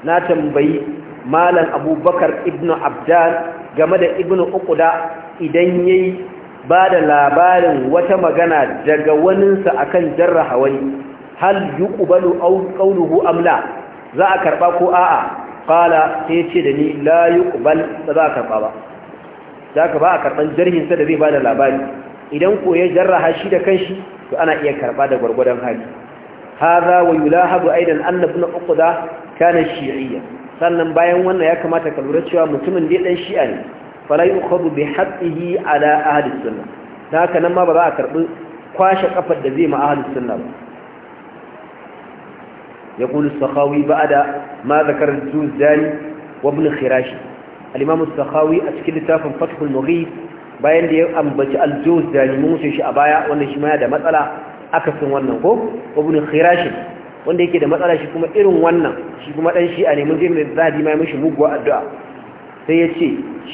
S1: na tambayi malam abubakar ibn abdan game da ibn uqda idan yayi ba da labarin wata magana daga waninsa akan jarraha wani hal yi aw qawluhu am za a karɓa ko a'a ta yi ce da ni la yuqbal za a karba ba za ka ba a karɓar jarhin da zai bada labari idan ko ya jarra Hashi da kanshi to ana iya karba da gurgurdan hali hadha wa yulahabu aidan uku ibn uqda kana shi'iyya sannan bayan wannan ya kamata ka lura cewa mutumin da dan shi'a ne fala yukhadu bi haddihi ala ahli sunnah haka nan ma ba za a karbi kwashe kafar da zai ma ahli sunna ba يقول السخاوي بعد ما ذكر الجوزاني وابن خراشي الإمام السخاوي أشكل تافا فتح المغيث bayan da ya ambaci aljuz da wuce shi a baya wannan shi ma da matsala akasin wannan ko ibn khirash wanda yake da matsala shi kuma irin wannan shi kuma dan shi a neman za zadi mai mishi muguwa addu'a sai ya ce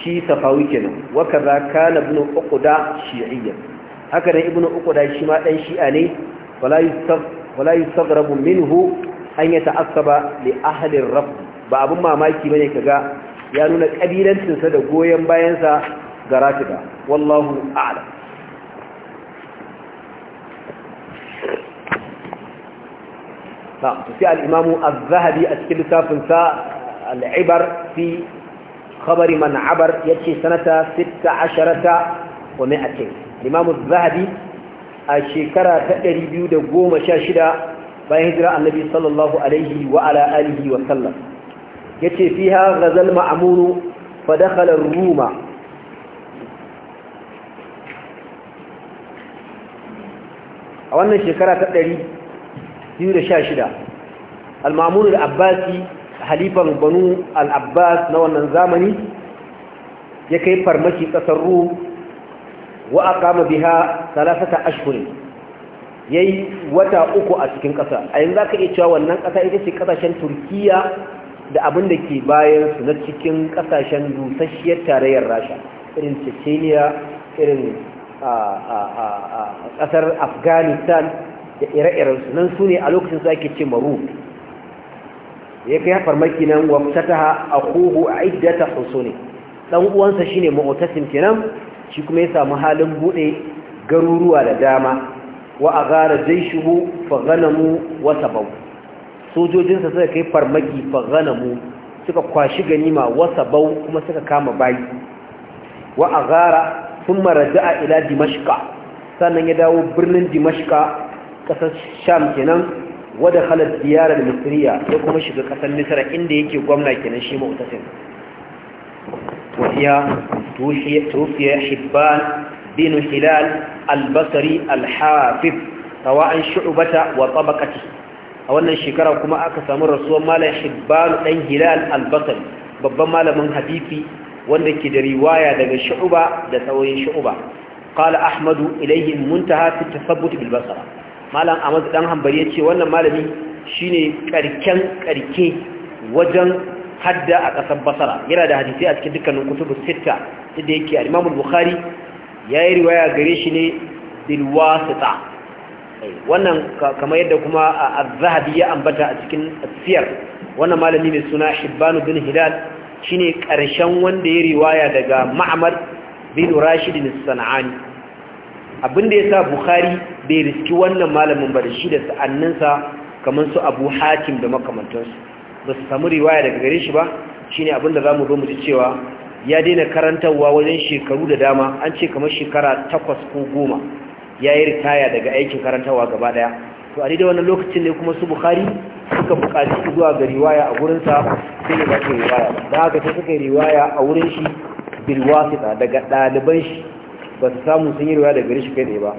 S1: shi safawi kenan wa kaza kana ibn uqda shi'iyyan haka nan ibn uqda shi ma dan shi'a ne wala yusaf wala yusagrabu minhu an yi ta'asaba da ahalin raf ba abin mamaki ba ne ka ga ya nuna ƙabilantinsa da goyon bayansa ga rafida wallahu ala ta fi al’imamu a zahabi a cikin lissafinsa al’ibar fi kabari man’abar ya ce sanata 16 ta ashirata wani a ce imamu zahabi a shekara ta shida. bayan hijira annabi sallallahu alaihi wa ala alihi wa sallam yace fiha ghazal ma'mun fa dakhala ar-ruma a wannan shekara ta al-ma'mun al-abbasi halifan banu al-abbas na wannan zamani ya kai farmaki kasar rum wa aqama biha thalathata ashhurin ya yi wata uku a cikin ƙasa a yanzu za ka iya cewa wannan ƙasa ita ce ƙasashen turkiya da abin da ke bayan su na cikin ƙasashen dusashiyar tarayyar rasha irin cecenia irin ƙasar afghanistan da ire-irensu nan su ne a lokacin su ake ce maru ya kai farmaki nan a akuhu iddata ne ɗan uwansa shine mu'tasim kenan shi kuma ya samu halin buɗe garuruwa da dama wa agara jaishuhu fa mu wasa bau sojojinsa suka kai farmaki fa mu suka kwashi ganima wasa bau kuma suka kama bayi wa mara thumma a ila dimashika sannan ya dawo birnin dimashika kasar sham kenan wadda halar ziyarar misriya ya kuma shiga kasar misra inda yake gwamna kenan shi mautasin wasiya tufiya hibban bin hilal albasari alhafif tawa an shu'ubata wa tabaqati a wannan shekara kuma aka samu rasuwar malam hibban dan hilal albasari babban malamin hadisi wanda ke da riwaya daga shu'uba da sauyin shu'uba qala ahmadu ilayhi muntaha fi tasabbut bil basara malam ahmad dan hanbali yace wannan malami shine karken karke wajen hadda a ƙasar basara yana da hadisi a cikin dukkanin kutubu sita inda yake al-imam al-bukhari ya yi riwaya gare shi ne bilwasita wannan kama yadda kuma a zahabi ya ambata a cikin tsiyar wannan malami mai suna shibbanu bin Hidal shi ne karshen wanda ya riwaya daga ma'amar bin rashid sana'ani abinda abinda sa bukhari bai riski wannan malamin ba da shi da sa'anninsa kamar su abu hakim da makamantansu ba su samu riwaya daga gare shi ba Shi ne abinda za mu zo mu ji cewa ya daina karantarwa wajen shekaru da dama an ce kamar shekara takwas ko goma ya yi ritaya daga aikin karantarwa gaba daya to a daidai wannan lokacin ne kuma su bukari suka bukaci zuwa ga riwaya a gurinsa sai ne ba riwaya da haka sai suka riwaya a wurin shi bilwasita daga ɗaliban shi ba su samu sun yi riwaya daga gari shi kai tsaye ba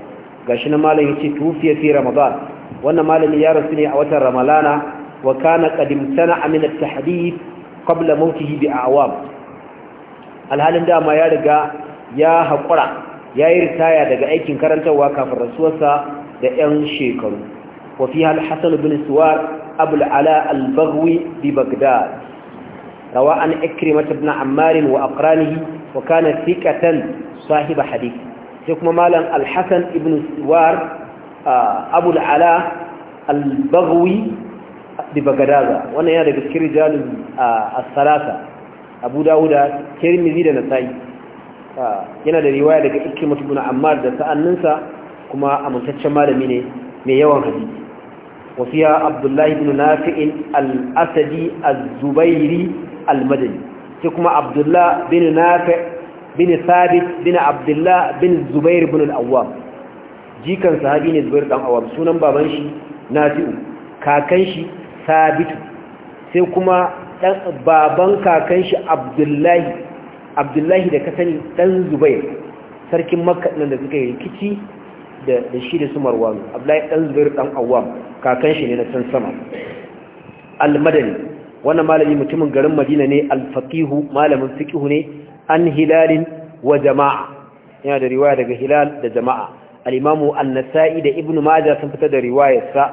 S1: gashi na malam ya ce tufiya fi ramadan wannan malami ya rasu ne a watan ramalana wa kana amina imtana min at-tahdith qabla mawtihi bi a'wam alhalin dama ya riga ya haƙura ya yi ritaya daga aikin karantarwa kafin rasuwarsa da 'yan shekaru wafi hassan bin suwar abul ala albagwi bi bagdad rawa an ikrimata ibn amarin wa aqranihi wa kana thiqatan sahiba hadith sai kuma malam alhassan ibn suwar abul ala albagwi bi bagdad wannan yana daga cikin rijalun salasa abu dawuda tirmidhi da nasa'i ah, yana da riwaya daga ikrimatu ibn ammar da sa'anninsa kuma amintaccen malami ne mai yawan hadisi wa fiya abdullahi ibn nafi'in al-asadi az-zubairi al-madani sai kuma abdullah bin nafi' bin thabit bin abdullah bin zubair ibn al-awwam jikan sahabi ne zubair dan awwam sunan baban shi nafi'u kakan shi thabit sai kuma dan baban kakan shi abdullahi abdullahi da kasani sani dan zubair sarkin makka nan da suka yi rikici da shi da su Marwan abdullahi dan zubair dan awwam kakan shi ne na can sama al-madani wannan malami mutumin garin madina ne al-faqihu malamin fiqhu ne an hilalin wa jama'a yana da riwaya daga hilal da jama'a al-imamu an-nasa'i da ibnu majah sun fitar da riwayarsa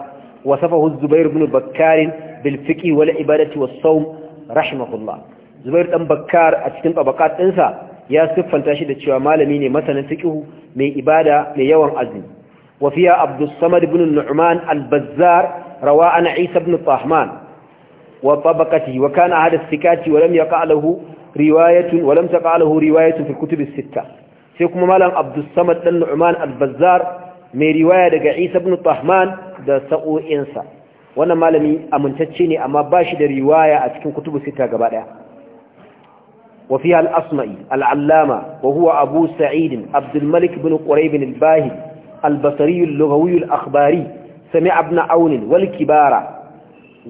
S1: wasafahu az-zubair ibn bakkarin bil wani wal ibadati was sawm rahimahullah zubair dan bakar a cikin tabakat dinsa ya siffanta shi da cewa malami ne masanin fiqhu mai ibada mai yawan azumi wa fiya abdus samad ibn nu'man al-bazzar rawa ana isa ibn tahman wa tabaqati wa kana ahad as-sikati wa lam yaqa lahu riwayatun wa lam taqa lahu riwayatun fi kutub as-sitta sai kuma malam abdus samad dan nu'man al-bazzar mai riwaya daga isa ibn tahman da sa'o'insa wannan malami amintacce ne amma ba shi da riwaya a cikin kutubu sita gaba ɗaya wafi al'asma'i al'allama wa huwa abu sa'idin abdulmalik bin ƙwaraibin al-bahid albasariyun lugawiyun akhbari sami abna aunin wal kibara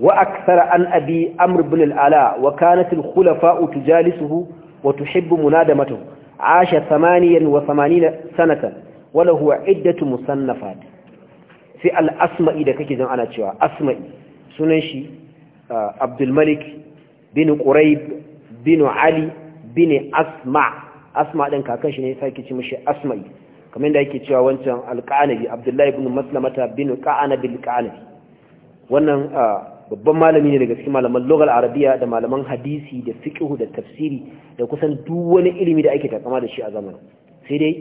S1: wa aksara an abi amr bin al'ala wa kanatul khulafa'u tujalisuhu wa tuhibbu munadamatahu عاش ثمانيا وثمانين سنة وله عدة sai al-asma'i da kake zan ana cewa asma'i sunan shi uh, abdul malik bin Ƙurai, bin ali bin asma asma din kakan shi ne sake ci asma'i kamar da yake cewa wancan alƙanabi abdullahi ibn maslamata bin qanabil qanabi wannan uh, babban malami ne daga cikin malaman lugal arabiya da malaman hadisi da fiqh da tafsiri da kusan duk wani ilimi da ake takama da shi a zamanin sai dai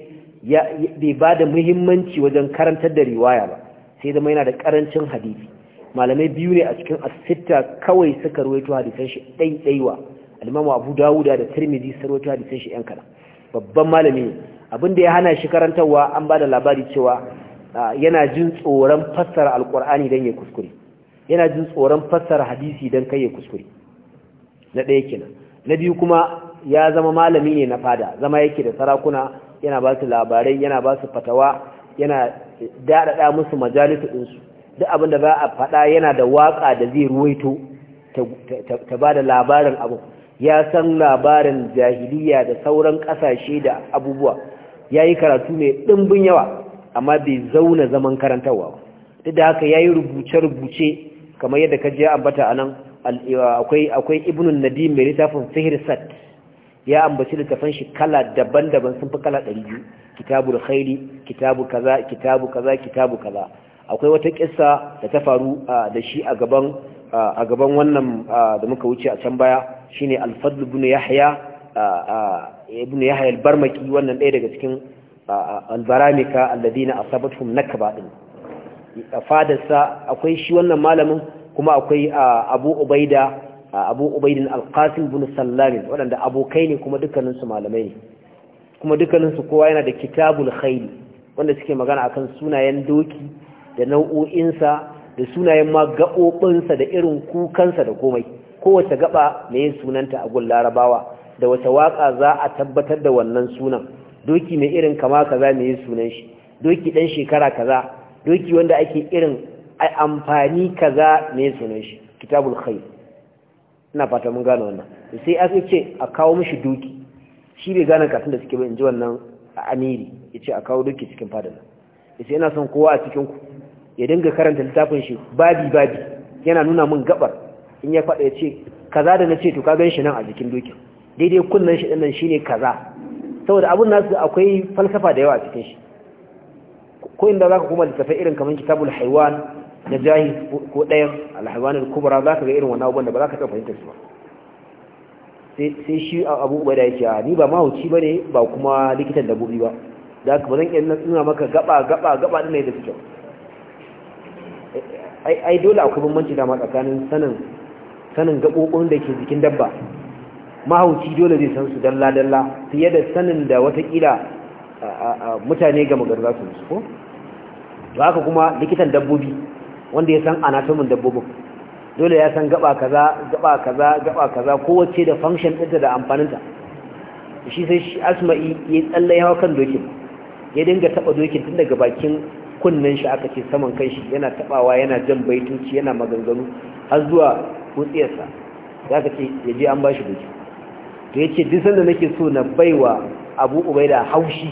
S1: bai ba da muhimmanci wajen karantar da riwaya ba sai zama yana da karancin hadisi malamai biyu ne a cikin asitta kawai suka rawaito hadisan shi ɗaiɗaiwa al abu dawuda da tirmidhi sun rawaito hadisan shi yan kana babban malami ne abin da ya hana shi karantarwa an ba da labari cewa yana jin tsoron fassara alkur'ani don ya kuskure yana jin tsoron fassara hadisi don kai ya kuskure na ɗaya kenan na biyu kuma ya zama malami ne na fada zama yake da sarakuna yana ba su labarai yana ba su fatawa yana daɗaɗa musu majalisu ɗinsu duk abin da za a faɗa yana da waƙa da zai ruwaito ta ba da labarin abu ya san labarin jahiliya da sauran ƙasashe da abubuwa ya yi karatu mai ɗimbin yawa amma bai zauna zaman karantarwa ba duk da haka ya yi rubuce-rubuce kamar yadda ka je ambata a nan akwai ibnun nadim mai littafin sihir sat ya ambaci littafan shi kala daban-daban sun fi kala 200 da khairi kitabu kaza kitabu kaza kitabu kaza akwai wata kissa da ta faru da shi a gaban a gaban wannan da muka wuce a can baya shine al-fadl ibn yahya ibn yahya al-barmaki wannan ɗaya daga cikin al-baramika alladhina asabatuhum nakba din fadarsa akwai shi wannan malamin kuma akwai abu ubaida abu ubaidin Al-Qasim bin sallamin waɗanda abokai ne kuma dukkaninsu malamai ne kuma dukkaninsu kowa yana da kitabul khairi wanda suke magana akan sunayen doki da nau'o'insa da sunayen ma gaɓoɓinsa da irin kukansa da komai kowace gaba ne sunanta a gun larabawa da wata waka za a tabbatar da wannan sunan doki mai irin kama kaza mai sunan shi doki dan shekara kaza doki wanda ake irin amfani kaza mai sunan shi kitabul khayli ina fata mun gane wannan sai a ce a kawo mishi duki shi bai gane kafin da suke ba in ji wannan amiri ya ce a kawo duki cikin fadar nan sai yana ina son kowa a cikin ku ya dinga karanta littafin shi babi babi yana nuna min gabar in ya faɗa ya ce kaza da na ce to ka gan shi nan a jikin dokin daidai kunnen shi ɗannan shine kaza saboda abun nasu akwai falsafa da yawa a cikin shi ko inda za ka kuma littafai irin kamar kitabul haiwan na jahi ko ɗayan alhawanin kubura za ka ga irin wannan abubuwan da ba za ka taɓa fahimtar su ba sai shi abu ubaida ya ce a ni ba mahauci ba ne ba kuma likitan dabbobi ba za ka ba zan iya nuna maka gaba gaba gaba ɗin da suke ai dole akwai bambanci dama tsakanin sanin sanin gaɓoɓin da ke jikin dabba mahauci dole zai san su dalla-dalla fiye da sanin da watakila mutane ga garza za su ko ba haka kuma likitan dabbobi wanda ya san anatomin dabbobin dole ya san gaba kaza gaba kaza gaba kaza kowace da function ɗinta da amfaninta shi sai shi asma'i ya tsalle hawa kan dokin ya dinga taba dokin tun daga bakin kunnen shi aka ce saman kan shi yana tabawa yana jan baitoci yana maganganu har zuwa wutsiyarsa za ka ce ya je an bashi doki to ya ce duk sanda nake so na baiwa abu ubaida haushi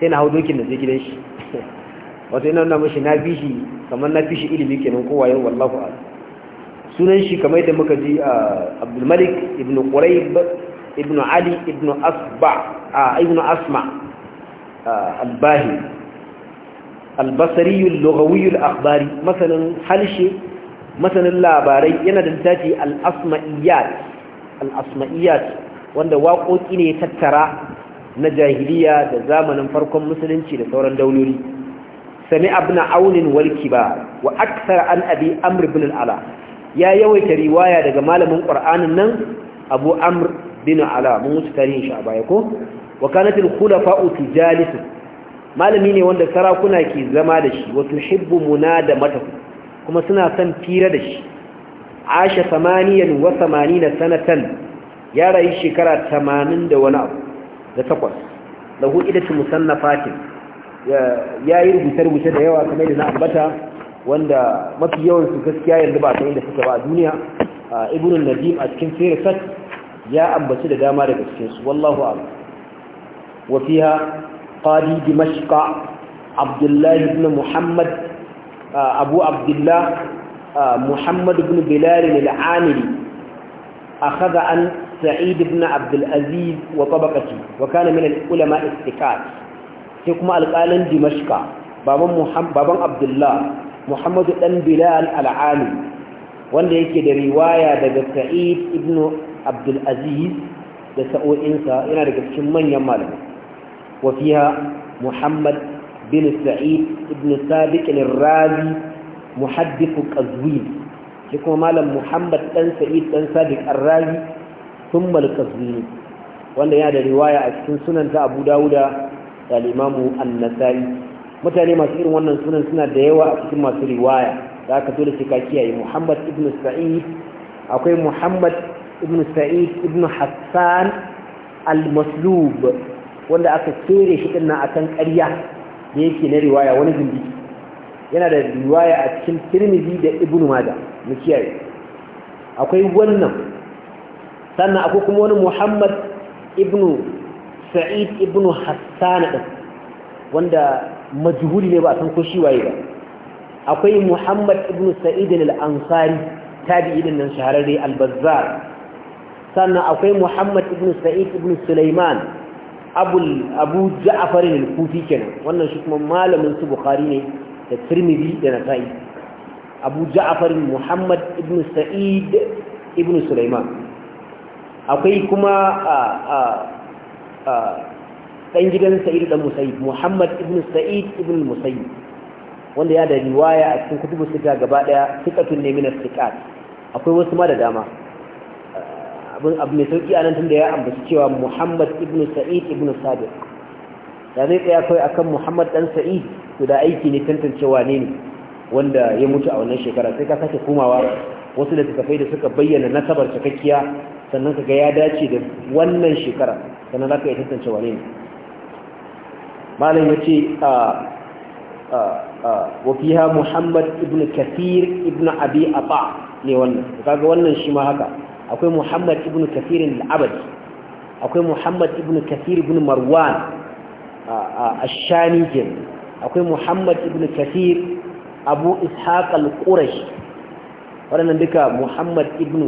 S1: sai na hau dokin da je gidan shi *laughs* wato ina nuna mashi na bi shi kamar na fi shi ilimi kenan kowa yau wallahu sunan shi kamar yadda muka ji a Malik ibn Qurayb ibn Ali ibn Asba ibn Asma al-Bahi al akbari, masanin halshe masanin labarai yana da littafi al'asma'iyat al wanda waƙoƙi ne tattara na jahiliya da zamanin farkon musulunci da sauran dauloli sami abin aunin walki ba wa aksar an abi amr bin Ala ya yawaita riwaya daga malamin ƙwar'anin nan abu amr bin Ala, mun wuce tarihin shi a baya ko wa kanatil khulafa utijalisu malami ne wanda sarakuna ke zama da shi wa tuhibbu da mataku, kuma suna son fira da shi Ashe asha na sanatan ya rayu shekara 80 da wani abu da takwas da lahu idatu fatin. ya yi rubuce-rubuce da yawa kamar da na ambata wanda mafi yawan gaskiya yanzu ba san da suka ba a duniya ibn nadim a cikin firsat ya ambaci da dama daga cikinsu su wallahu a'lam wa fiha qadi dimashq abdullah ibn muhammad abu abdullah muhammad ibn bilal al-amili akhadha an sa'id ibn abd aziz wa tabaqati wa kana min al-ulama sai kuma alƙalin dimashka baban abdullah muhammadu ɗan bilal al'ami wanda yake da riwaya daga sa'id ibn abdulaziz da sa'o'insa yana daga cikin manyan malamai wafiya muhammad bin sa'id ibn sabiq al-razi muhaddifu qazwin shi kuma malam muhammad dan sa'id dan sabiq al-razi thumma wanda yana da riwaya a cikin sunanta abu dawuda da annasari mutane masu irin wannan sunan suna da yawa a cikin masu riwaya da aka dole sai ka kiyaye muhammad ibn sa'id akwai muhammad ibn sa'id ibn hassan al-maslub wanda aka kere shi nan akan ƙarya da yake na riwaya wani zindi yana da riwaya a cikin tirmidhi da ibn majah mu kiyaye akwai wannan sannan akwai kuma wani muhammad ibnu. sa'id ibn hassan din wanda majhuli ne ba san ko shi waye ba akwai muhammad ibn sa'id al-ansari tabi'i din nan shahararre al-bazzar sannan akwai muhammad ibn sa'id ibn sulaiman abul abu ja'far al-kufi kenan wannan shi kuma malamin su bukhari ne da tirmidhi da nasa'i abu ja'far muhammad ibn sa'id ibn sulaiman akwai kuma ɗan gidan sa'id ɗan musayi muhammad ibn sa'id ibn musayi wanda ya da riwaya a cikin kutubu sita gaba ɗaya sikatun ne minas sikat akwai wasu ma da dama abin abu mai sauƙi a nan tun ya ambaci cewa muhammad ibn sa'id ibn sadiq da zai tsaya kawai akan muhammad Dan sa'id to da aiki ne tantancewa ne ne wanda ya mutu a wannan shekara sai ka sake komawa wasu da suka da suka bayyana nasabar cikakkiya sannan kaga ya dace da wannan shekara sannan zaka yi tattance wane ne malam ya ce a a muhammad ibn kafir ibn abi ata ne wannan kaga wannan shi ma haka akwai muhammad ibn kafir ibn abad akwai muhammad ibn kafir ibn marwan a shani akwai muhammad ibn kafir abu ishaq al-qurashi waɗannan duka muhammad ibn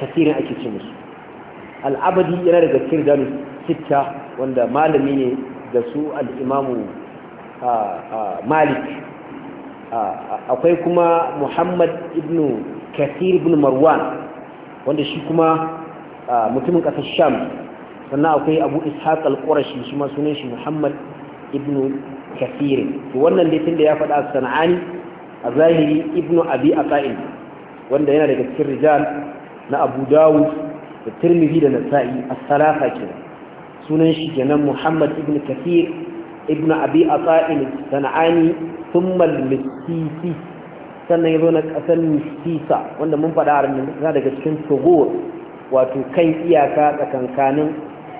S1: kasirin ake ce musu al'abadi yana daga cikin dalu sitta wanda malami ne da su al'imamu malik akwai kuma muhammad ibn kasir ibn marwan wanda shi kuma mutumin ƙasar sham sannan akwai abu ishaq al-qurashi shi ma sunan shi muhammad ibn kasir wannan dai tunda ya faɗa sana'ani a zahiri ibn abi aqail wanda yana daga cikin rijal na abu dawud da tirmidhi da nasa'i a salafa kenan sunan shi kenan muhammad ibn Kafir, ibn abi asa'il sana'ani thumma mistisi sannan yazo na ƙasar mistisa wanda mun faɗa a ranar daga cikin togo wato kan iyaka tsakankanin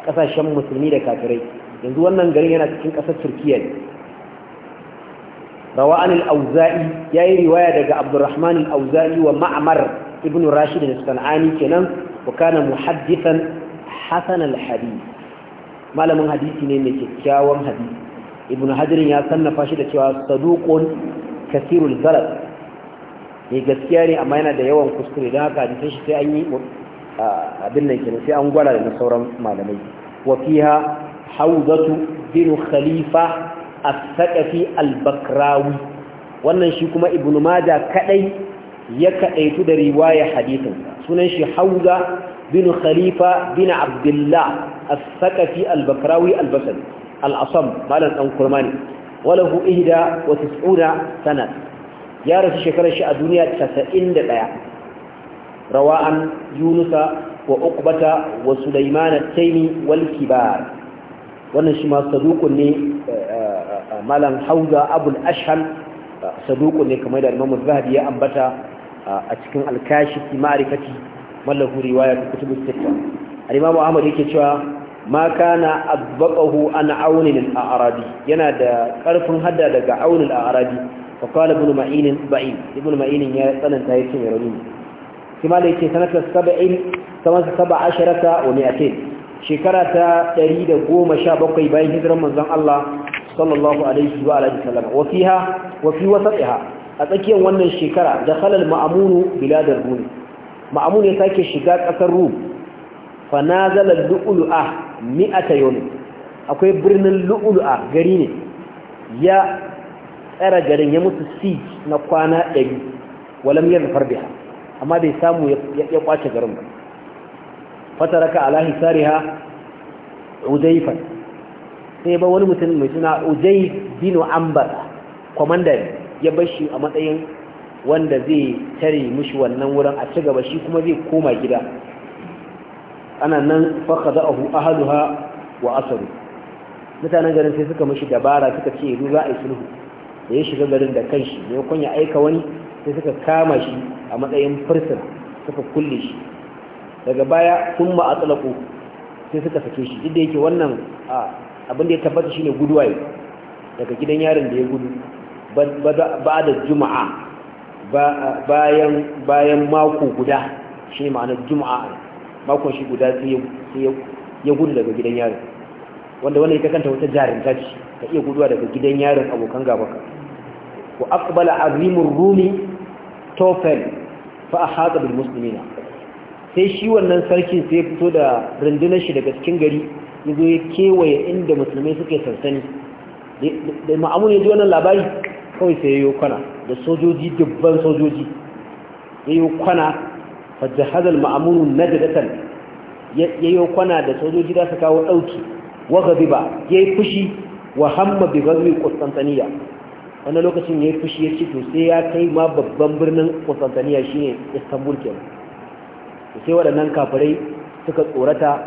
S1: ƙasashen musulmi da kafirai yanzu wannan garin yana cikin ƙasar turkiya ne rawa an al-auza'i yayi riwaya daga abdurrahman al-auza'i wa ma'amar. ibn rashid al-sanani kenan wa kana muhaddithan hasan al-hadith malamin hadisi ne mai kyakkyawan hadisi ibn hadirin ya sannafa shi da cewa saduqun kasirul galad ne gaskiya ne amma yana da yawan kuskure don haka hadisin shi sai an yi abin nan kenan sai an gwara da sauran malamai wa fiha hawzatu bin khalifa as-saqafi al-bakrawi wannan shi kuma Ibnu majah kadai ya kaɗaitu da riwaya hadisin sunan shi hauza bin khalifa bin abdullah asakafi saqafi al-bakrawi al-basri al-asam malan dan ihda wa tis'una sana ya rasu shekarar shi a duniya 91 rawa'an yunusa wa uqbata wa sulaimana taimi taymi wal kibar wannan shi ma saduqun ne eh, eh, eh, malam hauza abul ashhal saduqun ne kamar da imamu zahabi ya ambata a cikin alkashi ma'arifati mallahu riwaya ta kutubu sitta al-imamu ahmad yake cewa ma kana abbaqahu an aunin al-arabi yana da karfin hada daga aunin al-arabi fa bin Ma'inin ba'in ibn Ma'inin ya tsananta yace mai rauni kuma da yake sanata 70 sama 17 wa 200 shekara ta 117 bayan hijiran manzon Allah sallallahu alaihi wa alihi wasallam wa fiha wa fi wasatiha a tsakiyar wannan shekara da halal ma'amunu biladar rum ma'amun ya sake shiga ƙasar rum fa nazala lu'lu'a mi'ata yawm akwai birnin lu'lu'a gari ne ya tsara garin ya mutu siege na kwana 100 walam yanfar biha amma bai samu ya kwace garin ba fataraka ala hisariha udaifan sai ba wani mutum mai suna udai bin ambar komanda ne ya bar shi a matsayin wanda zai tare mushi wannan wurin a cigaba shi kuma zai koma gida ana nan fakada'ahu ahaduha wa asaru mutanen garin sai suka mashi dabara suka ce yanzu za a yi sulhu da ya shiga garin da kanshi ne kun ya aika wani sai suka kama shi a matsayin fursuna suka kulle shi daga baya sun ma'atsalaku sai suka sake shi duk da yake wannan abin da ya tabbata ne guduwa daga gidan yarin da ya gudu ba da juma'a bayan mako guda shi ma'anar juma'a mako shi guda sai ya gudu daga gidan yarin wanda wanda ya kanta wata jarinta ce ka iya guduwa daga gidan yarin abokan gabaka Ku akbala azimur rumi tofel fa ahata bil musulmina sai shi wannan sarkin sai ya fito da rundunar shi daga cikin gari ya zo ya kewaye inda musulmai suke sansani da ma'amun ya ji wannan labari kawai sai yayo kwana da sojoji dubban sojoji yayo kwana fajahaza al-ma'mun nadadatan yayo kwana da sojoji da su kawo dauki wa ghadiba yayi fushi wa hamma bi ghazwi qustantaniya wannan lokacin yayi fushi yace to sai ya kai ma babban birnin qustantaniya shine istanbul ke sai waɗannan kafirai suka tsorata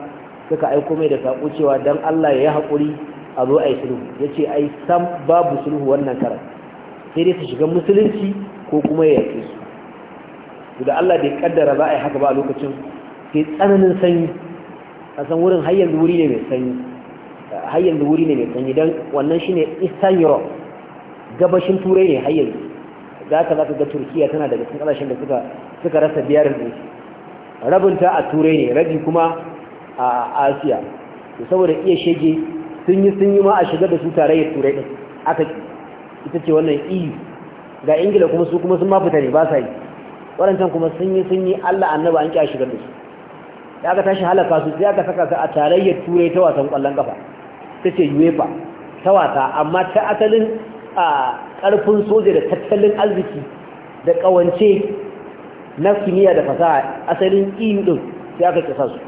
S1: suka aiko mai da sako cewa dan Allah ya yi hakuri a zo a yi sulhu ya ce ai sam babu sulhu wannan karar sai dai su shiga musulunci ko kuma ya yake su da Allah bai kaddara za a yi haka ba a lokacin sai tsananin sanyi a san wurin har yanzu wuri ne mai sanyi har da wuri ne mai sanyi don wannan shine eastern europe gabashin turai ne har yanzu za ka ga turkiya tana daga cikin ƙasashen da suka suka rasa biyar ne rabinta a turai ne rabi kuma a asiya saboda iya shege sun yi sun yi ma a shiga da su tarayyar turai ɗin aka ita ce wannan iyu e. ga Ingila kuma su kuma sun ma fita ne ba sa yi waɗancan kuma sun yi sun yi Allah annaba an a shigar da su ya aka tashi halaka su sai aka saka su a tarayyar turai ta wasan ƙwallon kafa ta ce UEFA ta wasa amma ta asalin a ƙarfin soja da tattalin arziki da ƙawance na kimiyya da fasaha asalin iyu e ɗin sai aka kisa su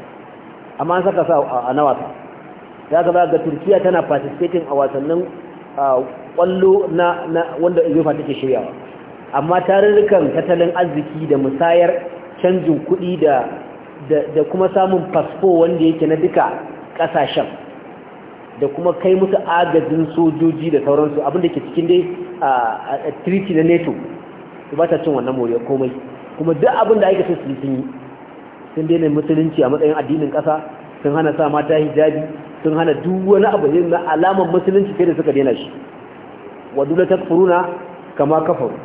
S1: amma an saka sa a na wasa da ba ga Turkiya tana participating a wasannin kwallo na wanda fata take shiryawa amma tarurrukan tattalin arziki da musayar canjin kuɗi da kuma samun fasfo wanda yake na duka ƙasashen da kuma kai musu agajin sojoji da sauransu abinda ke cikin dai a treaty na nato ba ta cin wannan moriyar komai kuma duk abinda ake so su sun yi sun daina musulunci a matsayin addinin ƙasa sun hana sa mata hijabi sun hana duk wani abu na alamar musulunci sai da suka daina shi wa dole ta furuna kama kafaru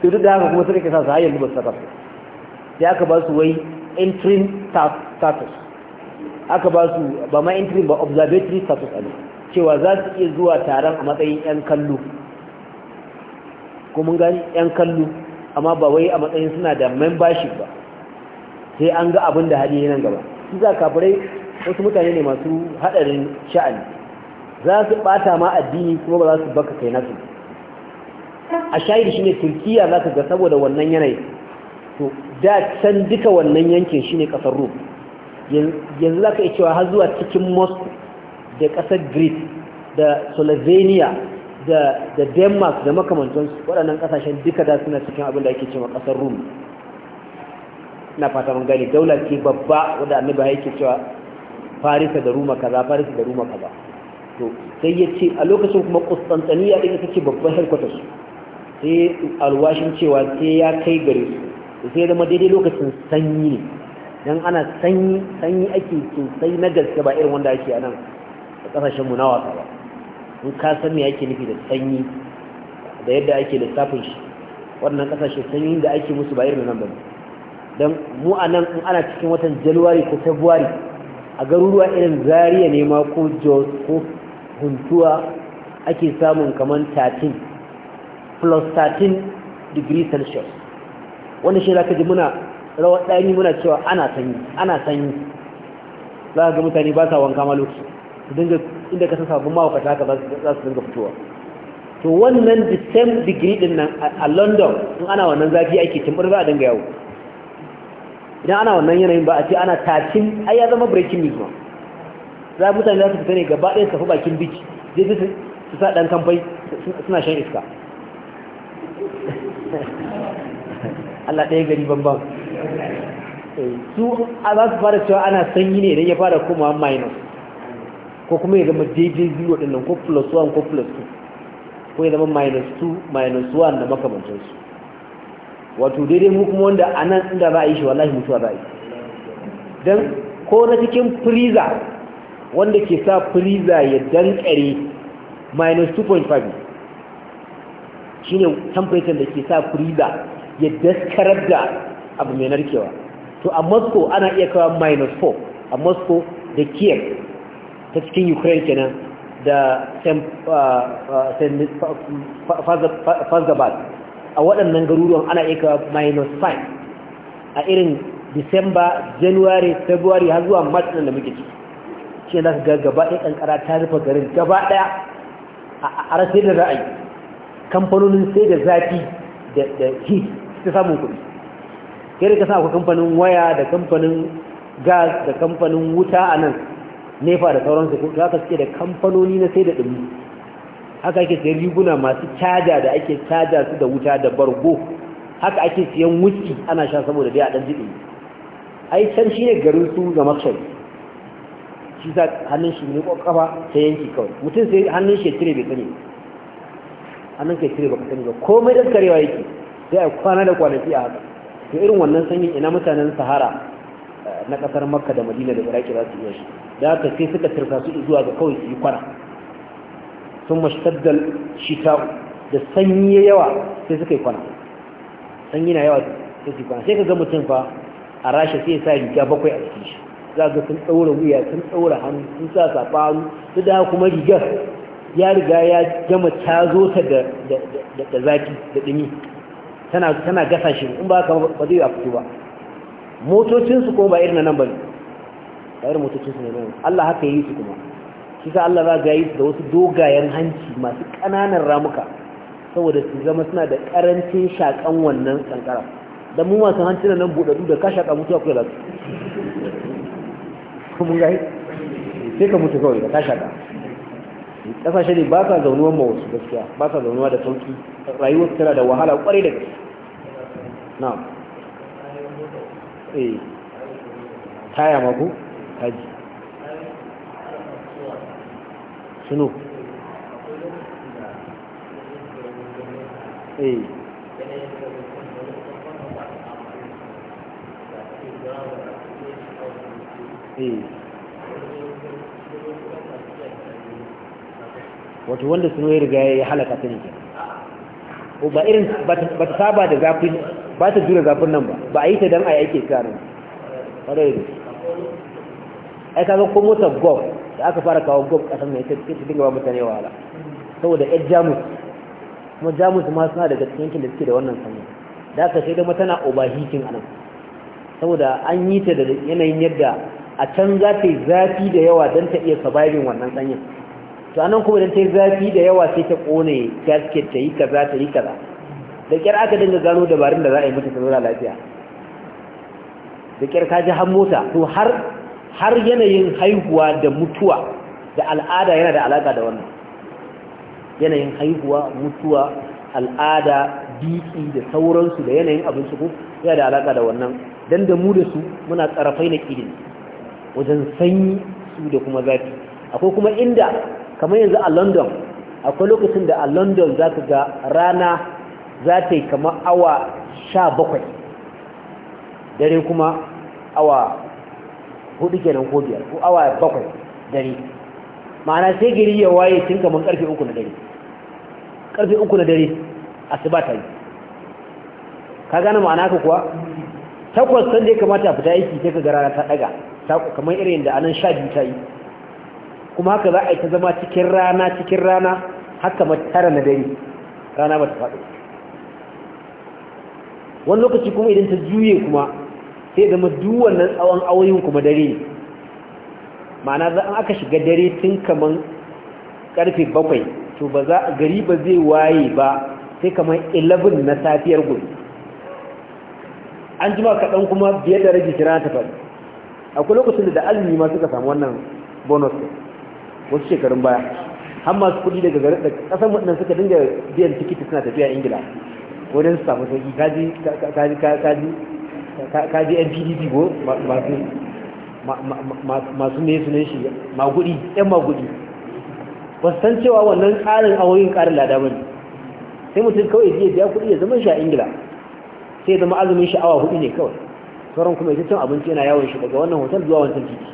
S1: sai duk da haka kuma suka kasa su har da ba su sai aka ba su wai interim status aka ba su ba ma interim ba observatory status a cewa za su iya zuwa taron a matsayin 'yan kallo kuma gani 'yan kallo amma ba wai a matsayin suna da membership ba sai an ga abin da haɗe nan gaba su za kafirai wasu mutane ne masu haɗarin sha'ani za su bata ma addini kuma ba za su baka kai nasu a shahidi ne turkiya za ka ga saboda wannan yanayi to da can duka wannan yankin shi ne kasar rum yanzu za ka iya cewa har zuwa cikin moscow da kasar greece da slovenia da denmark da makamantansu waɗannan ƙasashen duka da suna cikin abin da ake cewa ƙasar rum na fata mun gani daula ke babba wadda annabi yake cewa farisa da ruma kaza farisa da ruma kaza to sai ya ce a lokacin kuma kustantaniya ɗin ita ce babban su sai alwashin cewa sai ya kai gare su sai ya zama daidai lokacin sanyi ne don ana sanyi sanyi ake sosai na gaske ba irin wanda ake a nan a ƙasashen na wasa ba in ka san me ake nufi da sanyi da yadda ake lissafin shi wannan ƙasashe sanyi da ake musu ba irin nan ba don mu a nan in ana cikin watan januwari ko february a garuruwa irin zaria ne ma ko jos ko huntuwa ake samun kamar 13 plus 13 degree celsius wanda shi zaka ji muna rawar ɗani muna cewa ana sanyi ana sanyi za ga mutane ba sa wanka ma lokaci dinga inda ka sasa sabbin mawakata haka za su dinga fitowa to wannan the same degree din nan a london in ana wannan zafi ake timbir za a dinga yawo idan ana wannan yanayin ba a ce ana tashin ai ya zama breaking news za mutane za su fita ne gaba ɗaya su bakin biki zai su sa ɗan kamfai suna shan iska *laughs* Allah ɗaya gari bambam eh, su a za su fara cewa ana sanyi ne idan ya fara komawa minus ko kuma ya zama daidai zuwa ɗin nan ko plus 1 ko plus 2 ko ya zama minus 2 minus 1 da makamancinsu wato daidai mu kuma wanda a nan inda za a yi shi wallahi mutuwa za a yi don ko na cikin freezer wanda ke sa freezer ya dankare minus 2.5 shine temperature da ke sa freezer ya daskarar da abu mai narkewa to a moscow ana iya kawo minus 4 a moscow da kiev ta cikin ukraine kenan da uh, uh, uh, fazabat a waɗannan garuruwan ana iya kawo minus 5 a irin december january february har zuwa march da muke ciki shi na ga gaba ɗaya ƙanƙara ta rufe garin gaba ɗaya a rasai da ra'ayi kamfanonin sai da zafi da heat ta samun kuɗi kai da ka sa akwai kamfanin waya da kamfanin gas da kamfanin wuta a nan nefa da sauransu ko haka suke da kamfanoni na sai da ɗumi haka ake siyan riguna masu caja da ake caja su da wuta da bargo haka ake siyan wuski ana sha saboda dai a ɗan jiɗi ai can shi ne garin su ga makshari shi sa hannun shi ne kafa ta yanki kawai mutum sai hannun shi cire bai sani hannun ya cire baka sani ba komai dan karewa yake sai a kwana da kwanaki a haka to irin wannan sanyin ina mutanen sahara eh, na kasar makka da madina da iraki za su iya shi da haka sai suka turka su zuwa ga kawai su yi kwana sun mashtaddal shita da sanyi ya yawa sai suka yi kwana sanyi na yawa sai su yi kwana sai ka ga mutum fa a rasha sai ya sa riga bakwai a cikin shi za ga sun tsaura wuya sun tsaura hannu sun sa safa hannu su da kuma rigar ya riga ya gama ta zo ta da zaki da ɗumi tana gasa shi in ba kama ba zai a fito ba motocinsu kuma ba irin nan ba ne ba irin motocinsu ne nan Allah haka yi su kuma shi sa Allah za ga yi da wasu dogayen hanci masu ƙananan ramuka saboda su zama suna da ƙarancin shaƙan wannan sankara da mu masu hancin nan buɗaɗu da ka shaƙa mutuwa da su mun gani sai ka mutu kawai ka tashi ka kasashe ne ba sa zaunuwa ma wasu gaskiya ba sa zaunuwa da sauki rayuwar tana da wahala kwarai da gaske na eh taya mako haji
S2: suno eh Eh.
S1: wato wanda suno ya riga ya halaka ta ne
S2: ko ba irin ba ta
S1: saba da zafin ba ta jura zafin nan ba ba a yi ta don a yi ake tsarin ƙwarai da ai kaga ko motar gov da aka fara kawo gob ƙasar mai ta dinga ba mutane wahala saboda yar jamus kuma jamus ma suna daga cikin yankin da suke da wannan sanyi da aka sai da tana obahikin a nan saboda an yi ta da yanayin yadda a can za ta yi zafi da yawa don ta iya sabayin wannan sanyin to anan kuma don ta yi zafi da yawa sai ta ƙone gasket ta yi kaza ta yi kaza da kyar aka dinga gano dabarun da za a yi mata ta lafiya da kyar ka ji har mota to har yanayin haihuwa da mutuwa da al'ada yana da alaka da wannan yanayin haihuwa mutuwa al'ada biki da sauransu da yanayin abinci ko yana da alaka da wannan dan da mu da su muna tsarafai na kidin wajen sanyi su da kuma zafi akwai kuma inda kamar yanzu a london akwai lokacin da a london za ka ga rana za ta yi kamar awa sha bakwai dare kuma awa 4 kenan ko biyar ko awa bakwai dare ma'ana sai gari ya waye tun kamar karfe uku na dare karfe uku na dare asuba ta yi ka gane ma'ana ka kuwa takwas sanda ya kamata fita aiki sai ka ga rana ta daga kamar irin da anan sha biyu ta yi kuma haka za a yi ta zama cikin rana cikin rana haka matara na dare rana ba ta faɗi wani lokaci kuma idan ta juye kuma sai zama duwannan tsawon awoyin kuma dare ma'ana za an aka shiga dare tun kamar karfe bakwai to ba za gari ba zai waye ba sai kamar 11 na safiyar gudu an jima kaɗan kuma biyar da rage rana ta faɗi akwai lokacin da almi ma suka samu wannan bonus wasu shekarun baya har masu kuɗi daga garin da ƙasar mutum suka dinga biyan tikiti suna tafiya ingila wajen su samu sauki kaji kaji kaji kaji yan pdp ko masu masu ne su ne shi magudi yan magudi ba san cewa wannan ƙarin awoyin ƙarin lada ba ne sai mutum kawai zai biya kuɗi ya zama shi a ingila sai zama azumin sha'awa hudu ne kawai sauran kuma ita cin abinci yana yawon shi daga wannan hotel zuwa wancan titi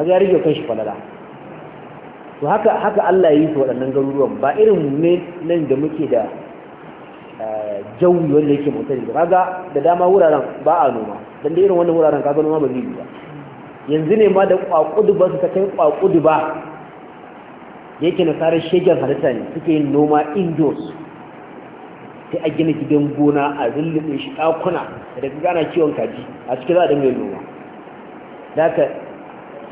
S1: a ga rage kan shi falala to haka haka Allah ya yi su waɗannan garuruwan ba irin ne nan da muke da eh, jawi wanda yake motsa da kaga da dama wuraren ba a noma dan da irin wannan wuraren kaga noma ba zai yi ba yanzu ne ma da kwakudu ba su ta kai kwakudu ba yake nasarar shegen halitta ne suke yin noma indoors sai a gina gidan gona a rullube shi ɗakuna da daga gana kiwon kaji a cikin za a dinga noma da ka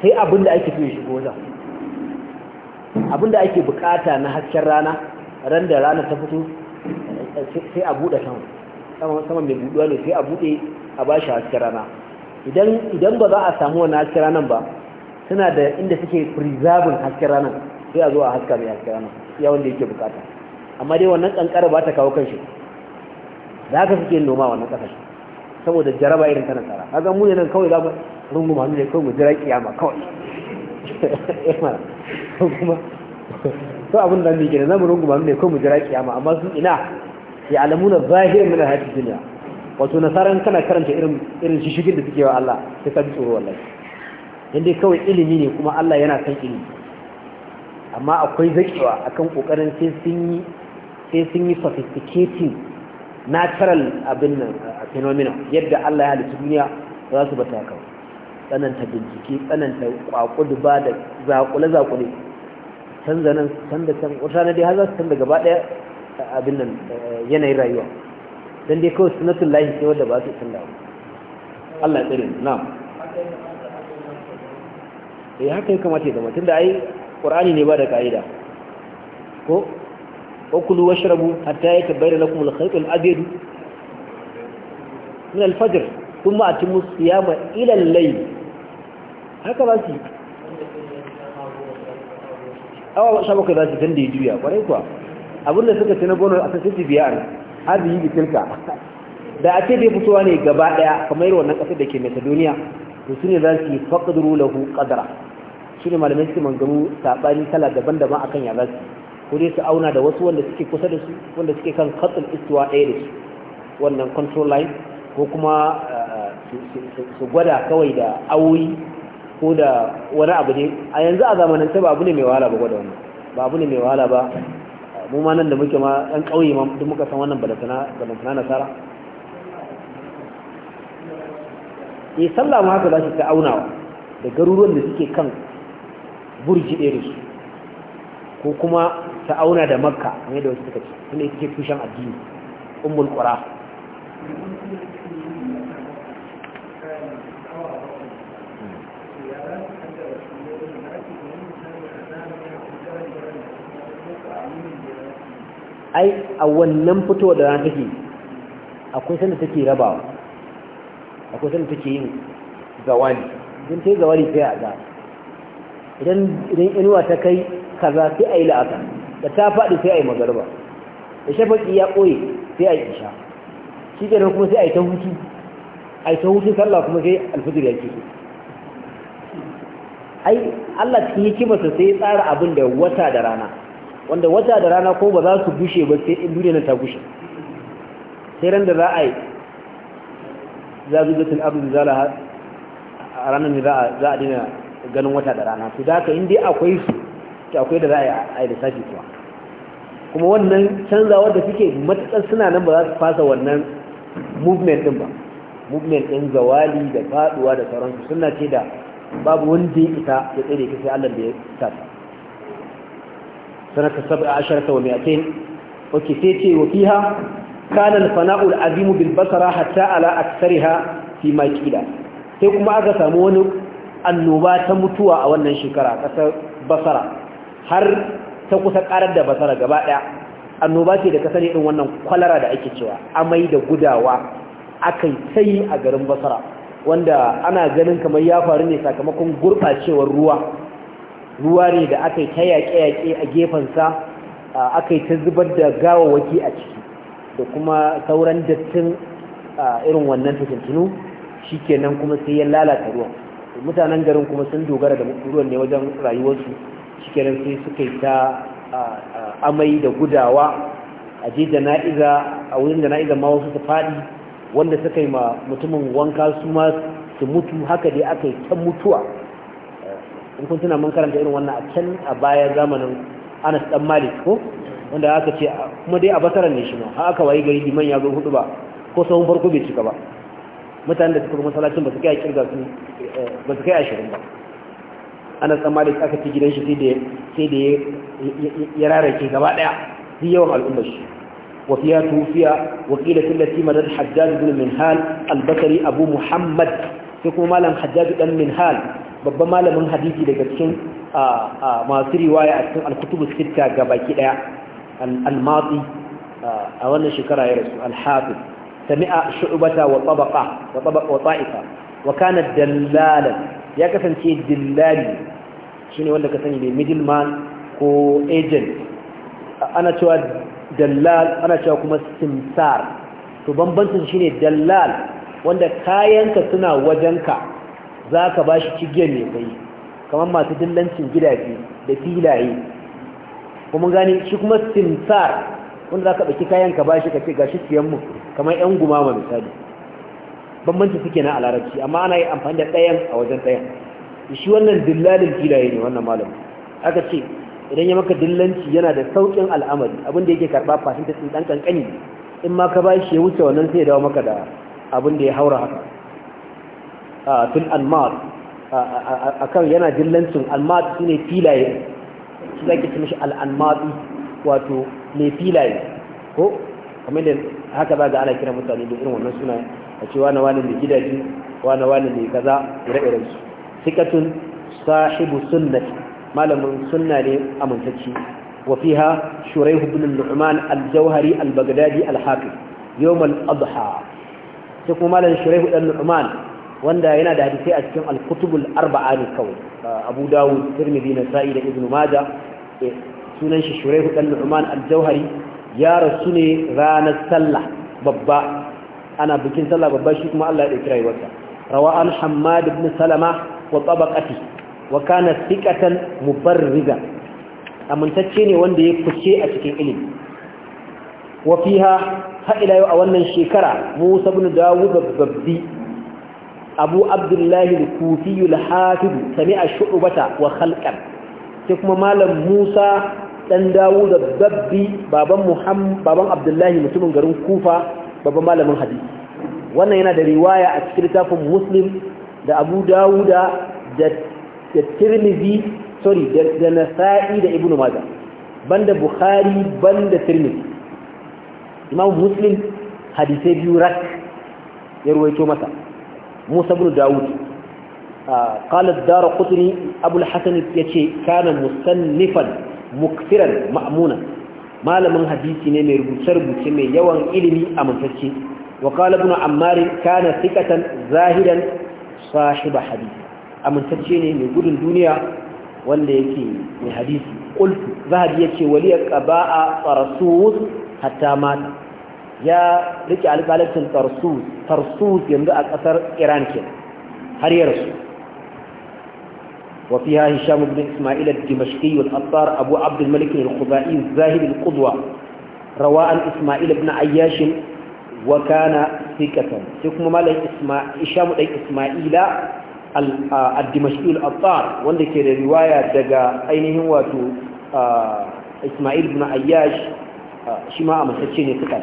S1: sai abin da ake fiye shigo wajen abin da ake bukata na hasken rana ran da rana ta fito sai a buɗe sama sama mai buɗuwa ne sai a buɗe a ba shi hasken rana idan ba za a samu wani hasken ranar ba suna da inda suke preserving hasken ranar sai a zo a haska mai hasken ranar ya wanda yake bukata amma dai wannan kankara ba ta kawo kanshi da haka suke noma wannan kasar saboda jaraba irin ta nasara a mu muni nan kawai za mu rungu hannu ne kawai mu jira kiyama kawai *laughs* kuma to abin da muke za mu rungu hannu ne kawai mu jira kiyama amma sun ina ya alamuna zahir mana hayatid dunya wato nasaran kana karanta irin irin shishigin da suke wa Allah sai ka tsoro wallahi inda kawai ilimi ne kuma Allah yana san ilimi amma akwai zakewa akan kokarin sai sun yi sai sun yi sophisticated natural abin nan uh, phenomena yadda Allah ya halitta duniya za su bata kawo tsananta bincike tsananta ba da zakule-zakule canza nan canza can wata na dai har za su canza gaba ɗaya uh, abin nan uh, yanayin rayuwa don dai kawai sunatun lahi sai wadda ba su canza Allah tsiri na ya eh, haka ya kamata ya zama da ai ƙorani ne ba da ƙa'ida ko وكلوا واشربوا حتى يتبين لكم الخيط الأبيض من الفجر ثم أتموا الصيام إلى الليل هكذا أنت أو شابك ذاتي تندي جويا ورأيكوا abin da suka ci na gonar a sassi biyar arziki da a ce fitowa ne gaba daya kamar wannan kasar da ke macedonia to su ne za su yi lahu ƙadara su ne malamai suke mangamu sabani kala daban-daban akan ya za su ko dai su auna da wasu wanda suke kusa da su wanda suke kan katsin istuwa ɗaya da su wannan control line ko kuma eh, eh, su gwada kawai da awoyi ko da wani abu ne a yanzu a zamanance ba abu ne mai wahala ba gwada wannan ba abu ne mai wahala ba mu ma nan da muke ma ɗan ƙauye ma duk muka san wannan balantana nasara e sallah ma haka za su ta aunawa da garuruwan da suke kan burji ɗaya da su ko kuma ta auna da makka mai da wasu suka ce tunda ita ce tushen addini umul qura ai a wannan fito da rana take akwai sanda take rabawa akwai sanda take yin zawani idan ta yi zawali sai a za idan inuwa ta kai kaza sai a yi la'asa da ta faɗi sai a yi magarba da shafaƙi ya ɓoye sai a yi isha shi ke kuma sai a yi ta hutu a yi ta hutu sallah kuma sai alfajir ya ke ai Allah cikin hikimarsa sai ya tsara abin da wata da rana wanda wata da rana ko ba za su gushe ba sai in duniya ta gushe sai ran da za a yi za zazugatul da zalaha a ranar ne za a dina ganin wata da rana su da haka in dai akwai su to akwai da za a yi lissafi kuma kuma wannan canzawar da suke matuƙar suna nan ba za su fasa wannan movement din ba movement din zawali da faduwa da sauransu suna ce da babu wanda ya isa ya tsere ka sai Allah da ya sa ta sanaka sab'a asharata wa mi'atain oke sai ce wa fiha kana fanau azimu bil basara hatta ala aksariha fi ma sai kuma aka samu wani annoba ta mutuwa a wannan shekara kasar basara har ta kusa karar da basara gaba daya annoba ce da ka sani din wannan kwalara da ake cewa amai da gudawa akai sai a garin basara wanda ana ganin kamar ya faru ne sakamakon gurɓacewar ruwa ruwa ne da aka yi ta yaƙe-yaƙe a gefensa aka yi ta zubar da gawawaki a ciki da kuma sauran dattin irin wannan fitintunu shi kenan kuma sai ya lalata ruwan mutanen garin kuma sun dogara da ruwan ne wajen rayuwarsu shikenan sai suka yi ta amai da gudawa a je naiza a wurin na'iza ma wasu su faɗi wanda suka yi ma mutumin wanka su ma su mutu haka dai aka yi ta mutuwa eh, in kun tuna mun karanta irin wannan a can a baya zamanin anas dan malik ko wanda aka ce ah, kuma dai a basaran ne shi ma har aka wayi gari manya ya zo hudu ba ko sahun farko bai cika ba mutanen da suka masallacin ba su kai kirga su eh, ba su kai ashirin ba ana tsammani aka ci gidan shi sai da ya rarake gaba daya duk yawan al'ummar shi وفيها توفي وقيلة التي مدد حجاج albakari abu muhammad أبو kuma malam مالا dan بن منهال babba malamin hadisi daga cikin masu riwaya a cikin alkutubu sitta ga baki daya almati a wannan shekara ya rasu alhafi sami'a shu'bata wa tabaqa wa tabaqa wa ta'ifa wa kana dallalan ya kasance dillali shine wanda ka sani ne middleman ko agent ana cewa dallal ana cewa kuma simsar to bambancin shine dallal wanda kayanka suna wajenka zaka bashi cigiyar mai kai kamar masu dillancin gidaje da filaye kuma gani shi kuma simsar wanda zaka dauki kayanka bashi ka ce gashi siyan mu kamar yan gumama misali bambanci suke na a larabci amma ana yi amfani da ɗayan a wajen ɗayan shi wannan dillalin filaye ne wannan malam aka ce idan ya maka dillanci yana da sauƙin al'amari abin da yake karɓa fashin ta tsin ɗan ƙanƙani in ma ka ba shi ya wuce wannan sai ya dawo maka da abin da ya haura haka a tun almar a kan yana dillancin almar su ne filaye su za ki mishi al'almatu wato mai filaye ko kamar da haka ba ga ana kira mutane da irin wannan sunayen a ce wani wani mai gidaje wani wani mai kaza ire-iren su sikatun sahibu sunnati malamin sunna ne amintacci wa fiha shuraihu ibn nu'man al-jawhari al-baghdadi al hafi yawm al-adha sai kuma malamin shuraihu ibn nu'man wanda yana da hadisi a cikin al-kutubul arba'a ne kawai abu dawud tirmidhi nasa'i da ibn majah eh, sunan shi shuraihu ibn nu'man al-jawhari ya rasu ne ranar sallah babba ana bikin sallah babba shi kuma Allah ya dauki rayuwarsa rawa hammad ibn salama wa tabaqati wa kana thiqatan mubarriga amintacce ne wanda ya fice a cikin ilimi wa fiha ha ila yau a wannan shekara Musa ibn Dawud babbi Abu Abdullahi al-Kufi al-Hafiz sami'a shu'bata wa khalqan sai kuma malam Musa dan Dawud babbi baban Muhammad baban mutumin garin Kufa babban malamin hadisi wannan yana da riwaya a cikin littafin muslim da abu dawuda da tirmizi sorry da nasa'i da ibnu maza banda bukhari banda tirmizi imam muslim hadisai biyu rak ya ruwaito masa musa bin dawud قال الدار قطني أبو الحسن يتي كان مصنفا مكثرا مأمونا malamin hadisi ne mai rubuce-rubuce mai yawan ilimi a mutacce wa kalabuna ammari kana sikatan zahidan sahiba hadisi amintacce ne mai gudun duniya wanda yake mai hadisi ƙultu zahabi ya ce waliyar ƙaba'a tsarsus hatta mata ya rike alƙalancin tsarsus yanzu a ƙasar iran ke har yarsu وفيها هشام بن إسماعيل الدمشقي الأطار أبو عبد الملك الخبائي الزاهد القدوة رواء إسماعيل بن عياش وكان ثقة ثم مالي إسماعيل هشام بن إسماعيل آه، الدمشقي الأطار وانده الرواية رواية دقا أينه هو آه، إسماعيل بن عياش آه، شما أمسكيني ثقة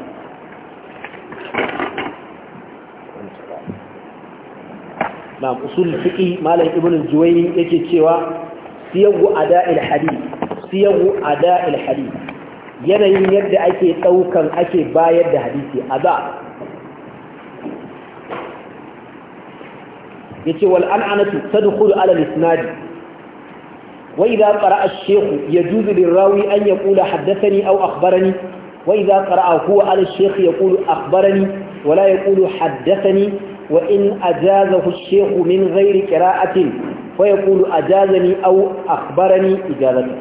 S1: na usul fiqi malam ibnu juwayni yake cewa siyagu ada'il hadith siyagu ada'il hadith yanayin yadda ake daukan ake bayar da hadisi ada yace wal an'anatu tadkhulu ala al-isnad wa idha qara'a ash-shaykh yajuzu lirawi an yaqula haddathani aw akhbarani wa idha qara'a huwa ala ash-shaykh yaqulu akhbarani wa la yaqulu haddathani وإن أجازه الشيخ من غير قراءة فيقول أجازني أو أخبرني إجازته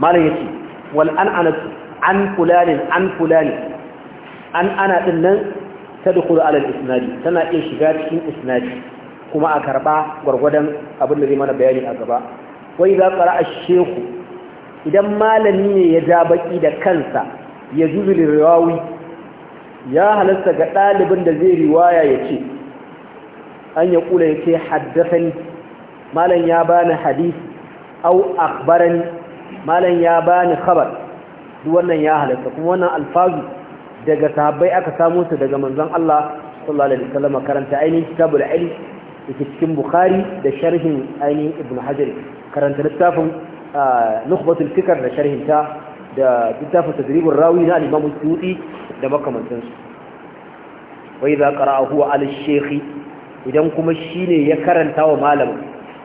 S1: ما لا يسي والآن أنا عن فلان عن فلان أن أنا إنن تدخل على الإسناد سنة إشغال في إسناد كما أكربا ورغدا أبن الذي من بيان أكربا وإذا قرأ الشيخ إذا ما لم يجابك إذا كنسا يجوز للرواوي ya halasta ga ɗalibin da zai riwaya ya ce an ya kula ya ce haddasani malam ya bani hadis au akhbarani malam ya bani khabar duk wannan ya halasta kuma wannan alfazu daga sahabbai aka samu su daga manzon Allah sallallahu alaihi wasallam karanta ainihin kitabul ilm yake cikin bukhari da sharhin ainihin ibnu hajar karanta littafin ah, nukhbatul fikr da sharhin ta da littafin tadribur rawi na al-imam da makamantansu wai za ƙara huwa alshekhi idan kuma shi ne ya karanta wa malamin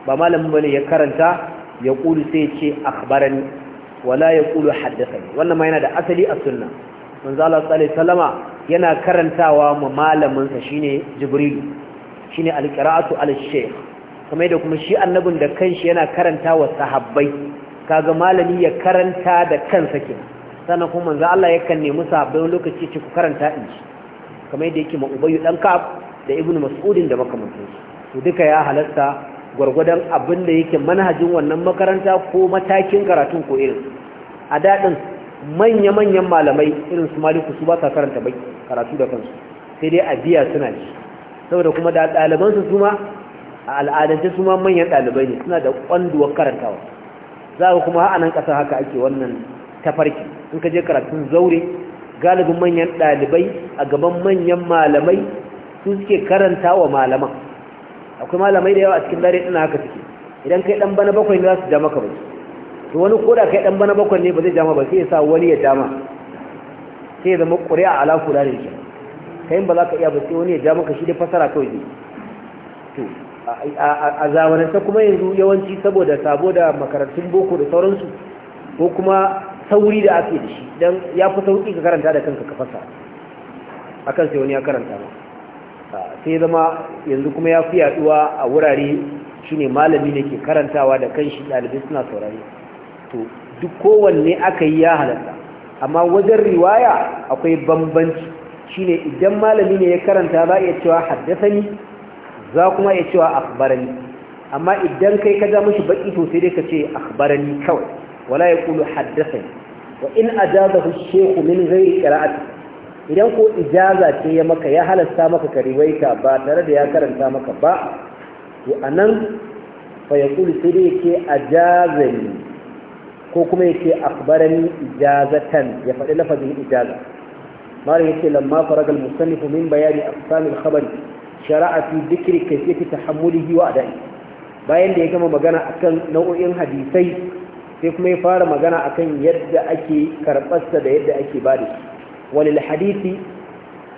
S1: ba malamin ba ne ya karanta ya ƙulu sai ce akhbarani wala ya ƙulu haddasa wannan ma yana da asali a sunna manzo Allah sallallahu alaihi yana karantawa ma malamin sa shine Jibril shine alqira'atu al kuma da kuma shi annabin da kanshi yana karantawa sahabbai kaga malami ya karanta da kansa kenan sannan kuma manzo Allah yakan nemi sahabbai lokaci ci ku karanta in shi kamar yadda yake ma ubayyu dan ka'ab da ibnu mas'udin da makamantansu to duka ya halatta gwargwadon abin da yake manhajin wannan makaranta ko matakin karatun ko irin a daɗin manya-manyan malamai irin su maliku su ba ta karanta bai karatu da kansu sai dai a biya suna ji saboda kuma da daliban su kuma a al'adance su ma manyan dalibai ne suna da ƙwanduwar karantawa za ku kuma a nan ƙasa haka ake wannan tafarki in ka je karatun zaure galibin manyan dalibai a gaban manyan malamai su suke karanta wa malaman akwai malamai da yawa a cikin dare ina haka suke idan kai dan bana bakwai ne za su ja maka ba to wani koda kai dan bana bakwai ne ba zai ja ba sai ya sa wani ya dama sai ya zama ƙuri'a ala kula da shi kai ba za ka iya ba sai wani ya ja maka shi da fasara kawai zai to a zamanin ta kuma yanzu yawanci saboda sabo da makarantun boko da sauransu ko kuma sauri da ake da shi don ya fi sauƙi ka karanta da kanka ka fasa kan sai wani ya karanta ba ah, sai zama yanzu kuma ya fi yaduwa a wurare shine malami ne ke karantawa da kan shi ɗalibai suna saurari to duk kowanne aka yi ya halatta amma wajen riwaya akwai bambanci shine idan malami ne ya karanta za iya cewa haddasani za kuma iya cewa akhbarani amma idan kai ka ja mashi baki to sai dai ka ce akhbarani kawai wala ya kulu haddasani wa in ajazahu shehu min idan ko ijaza ce ya maka ya halasta maka ka riwaita ba tare da ya karanta maka ba to anan fa yaqulu sai dai yake ajazani ko kuma yake akhbarani ijazatan ya faɗi lafazin ijaza mara yake lamma faragal musannifu min bayani aqsamil khabari shara'a fi dhikri kayfiyati tahammulihi wa ada'i bayan da ya gama magana akan nau'o'in hadisai sai kuma ya fara magana akan yadda ake karbasta da yadda ake ba da shi walil hadisi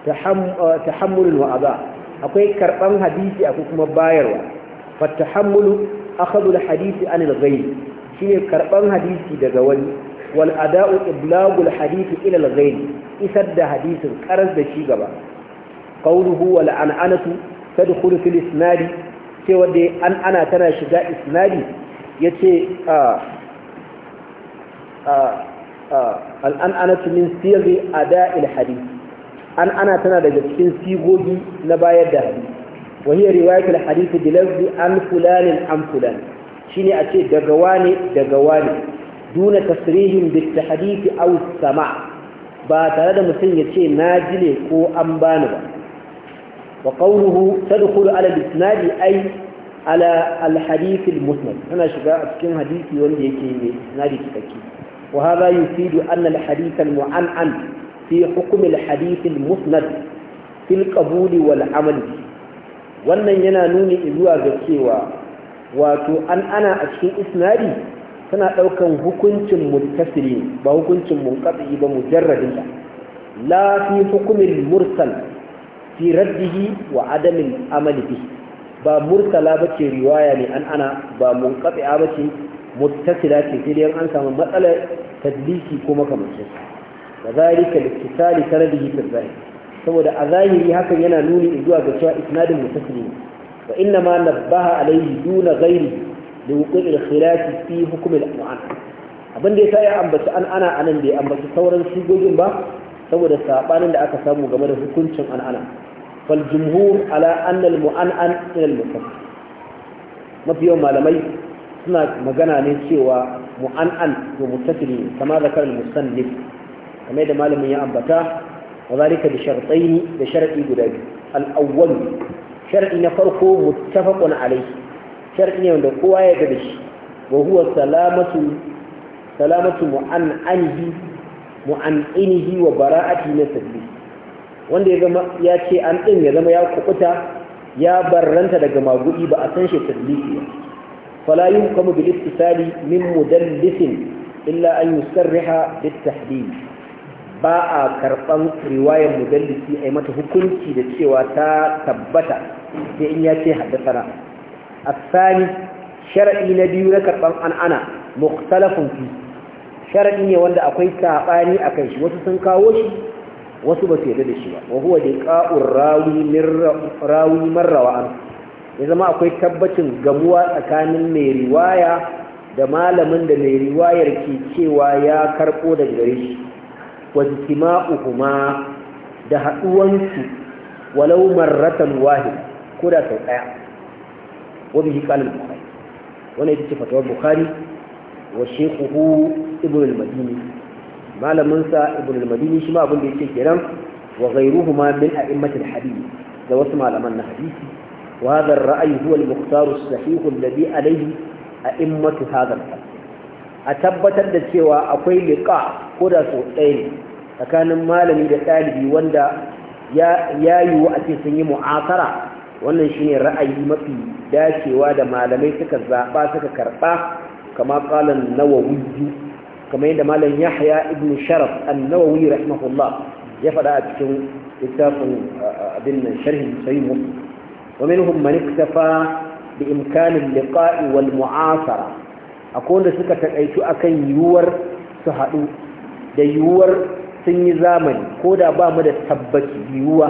S1: uh, tahammulun wa aza akwai karɓan hadisi akwai kuma bayarwa fa tahammulu akhadhu al hadisi anil ghayr shine karɓan hadisi daga wani wal ada'u iblaghu al hadisi ila al ghayr isar da hadisin karas da shi gaba qawluhu wal an'anatu tadkhulu fil isnadi Sai wadai an ana tana shiga isnadi yace ah, al'an'anatu min sirri ada'il hadith an'ana tana daga cikin sigogi na bayar da hadith وهي رواية الحديث بلفظ عن فلان عن فلان شيني أتي دقواني دقواني دون تصريح بالتحديث أو السماع باترد مسلم يتي ناجلي كو أنبانبا وقوله تدخل على الإسناد أي على الحديث المسند أنا شقاء أتكلم حديثي وندي يكي نادي تفكي وهذا يفيد أن الحديث المعنعن في حكم الحديث المسند في القبول والعمل wannan yana nuni zuwa ga cewa wato an ana a cikin isnadi tana ɗaukan hukuncin muttasili ba hukuncin munqati ba mujarradin ta la fi hukmin mursal fi raddihi wa adamin amali ba mursala bace riwaya ne an ana ba munqati bace muttasila ce sai dai an samu matsalar tadliki ko makamancin da zalika littisali sanadihi fi zahiri saboda a zahiri hakan yana nuni zuwa ga cewa isnadin muttasili ne wa inna ma nabbaha alaihi duna ghairi da wuqul al-khilafi fi hukm al-mu'an abin da yasa ya ambaci an ana anan bai ambaci sauran shigogin ba saboda sabanin da aka samu game da hukuncin an ana fal jumhur ala anna al-mu'an an ila al mafi yawan malamai suna magana ne cewa mu'an'an to muttasili kama zakar musannif kame da malamin ya ambata wa zalika bi shartaini da sharadi guda biyu al-awwal shar'i na farko muttafaqun alayhi shar'i ne wanda kowa ya ga shi wa huwa salamatu salamatu mu'an'anihi mu'an'inihi wa bara'ati nasabi wanda ya zama ya ce an din ya zama ya kukuta ya barranta daga magudi ba a san shi tadliki ba فلا يمكن بالاتصال من مدلس إلا أن يسرح بالتحديد باء كرطان رواية مدلس أيمة هكونتي لتشيواتا تبتا بإن ياتي حدثنا الثاني شرعي نبي لكرطان أن أنا مختلف فيه sharaɗi ne wanda akwai saɓani a kan shi wasu sun kawo shi wasu ba su yarda da shi ba wa huwa da ƙa'ur rawi marrawa an ya zama akwai tabbacin gamuwa tsakanin mai riwaya da malamin da mai riwayar ke cewa ya karɓo da gare shi wajtima'uhuma da haɗuwansu walau marratan wahi ko da sau ɗaya wani shi ƙalin wani ya ce fatawar bukhari wa shekuhu ibn al-madini malaminsa ibn al-madini shi ma abin da ya ce kiran, wa ma min a'immatin hadisi da wasu malaman na hadisi وهذا الرأي هو المختار الصحيح الذي عليه أئمة هذا الحق أتبت الدسوى أقوي لقاء قد سؤال فكان مالني لطالبي وندا يا يا يو أتسني mu'asara, wannan shine ra'ayi mafi dacewa da malamai suka zaba suka karba kama qalan nawawi kamar yadda malam Yahya ibn Sharaf an-Nawawi rahimahullah ya faɗa a cikin littafin abin nan sharhi ومنهم من اكتفى بإمكان اللقاء والمعاصرة أقول لسكة تأيتو أكن يور سهدو da yiwuwar sun yi zamani ko da ba mu da tabbaci yiwuwa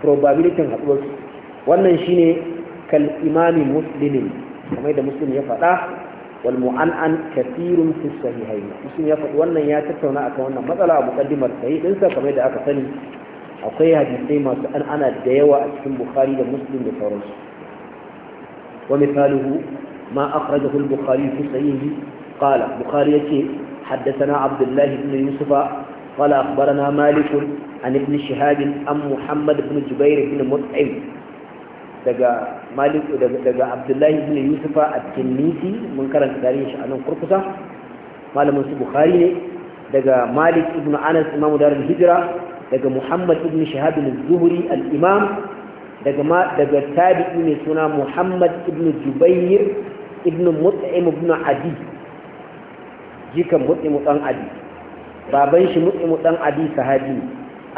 S1: probabilitin haɗuwarsu wannan shine kal imami muslimin kamar da muslim ya faɗa wal mu'an'an kathirun fi sahihayn muslim ya faɗi wannan ya tattauna akan wannan matsala a muqaddimar sahih ɗinsa kamar da aka sani akwai hadisai masu an'ana da yawa a cikin bukhari da muslim da sauransu wa misaluhu ma akhrajahu al-bukhari fi sahihi qala bukhari yace haddathana abdullah ibn yusuf qala akhbarana malik an ibn shihab an muhammad ibn jubair ibn mut'im daga malik daga abdullah ibn yusuf at-tinnisi mun karanta tarihi shi anan kurkusa malamin su bukhari ne daga malik ibn anas imamu darul hijra daga muhammad ibn shahab al-zuhri al-imam daga ma daga tabi'i mai suna muhammad ibn jubair ibn mut'im ibn adi jikan mut'im dan adi baban shi mut'im dan adi sahabi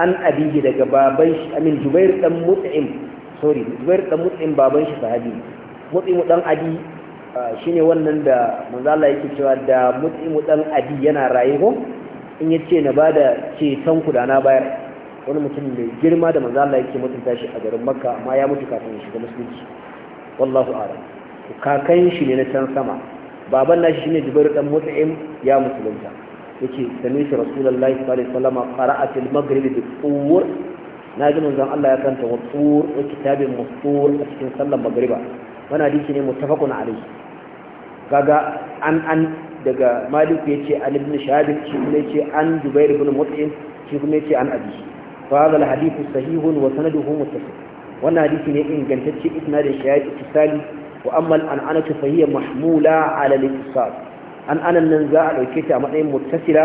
S1: an abiji daga baban shi amin jubair dan mut'im sorry jubair dan mut'im baban shi sahabi mut'im dan adi ah, shine wannan da manzo Allah yake cewa da mut'im dan adi yana rayuwa in ya ce na ba da ceton ku da na bayar wani mutum mai girma da manzo Allah yake mutunta shi a garin Makka amma ya mutu kafin ya shiga musulunci wallahu a'lam kakan shi ne na can sama baban nashi shine Jubair dan Mut'im ya musulunta yake sami shi Rasulullahi sallallahu alaihi wasallam qara'atil maghrib bi qur na ji manzon Allah ya kanta wa qur wa kitabin mustur a cikin sallar magriba wannan hadisi ne muttafaqun alaihi kaga an an daga malik ya ce an ibn shahab shi kuma ya ce an jubair ibn mut'im shi kuma ya ce an abi fa hadha al-hadith sahih wa sanaduhu muttasil wannan hadisi ne ingantacce da shayar ittisali wa amma al-an'anatu fa hiya mahmula ala al-ittisal an anan nan za a ɗauke ta a matsayin muttasila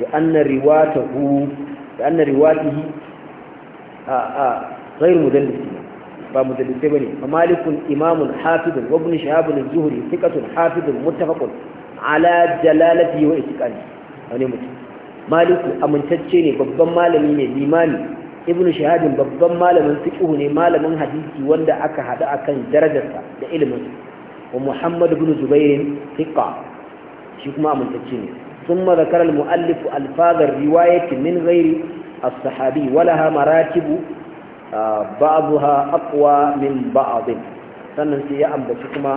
S1: da anna riwatahu da anna riwatihi a a غير مدلس ba mujallisi bane malikun imamun hafidun wa ibn shahab az-zuhri thiqatun hafidun muttafaqun ala jalalatihi wa itqani wani mutum maliku amintacce ne babban malami ne limani, ibn shahab babban malamin fiqh ne malamin hadisi wanda aka hada akan darajarsa da ilimin wa muhammad ibn zubair thiqa shi kuma amintacce ne ثم ذكر المؤلف ألفاظ الرواية من غير الصحابي ولها maratibu. ba'dha aqwa min ba'd sannan sai ya ambaci kuma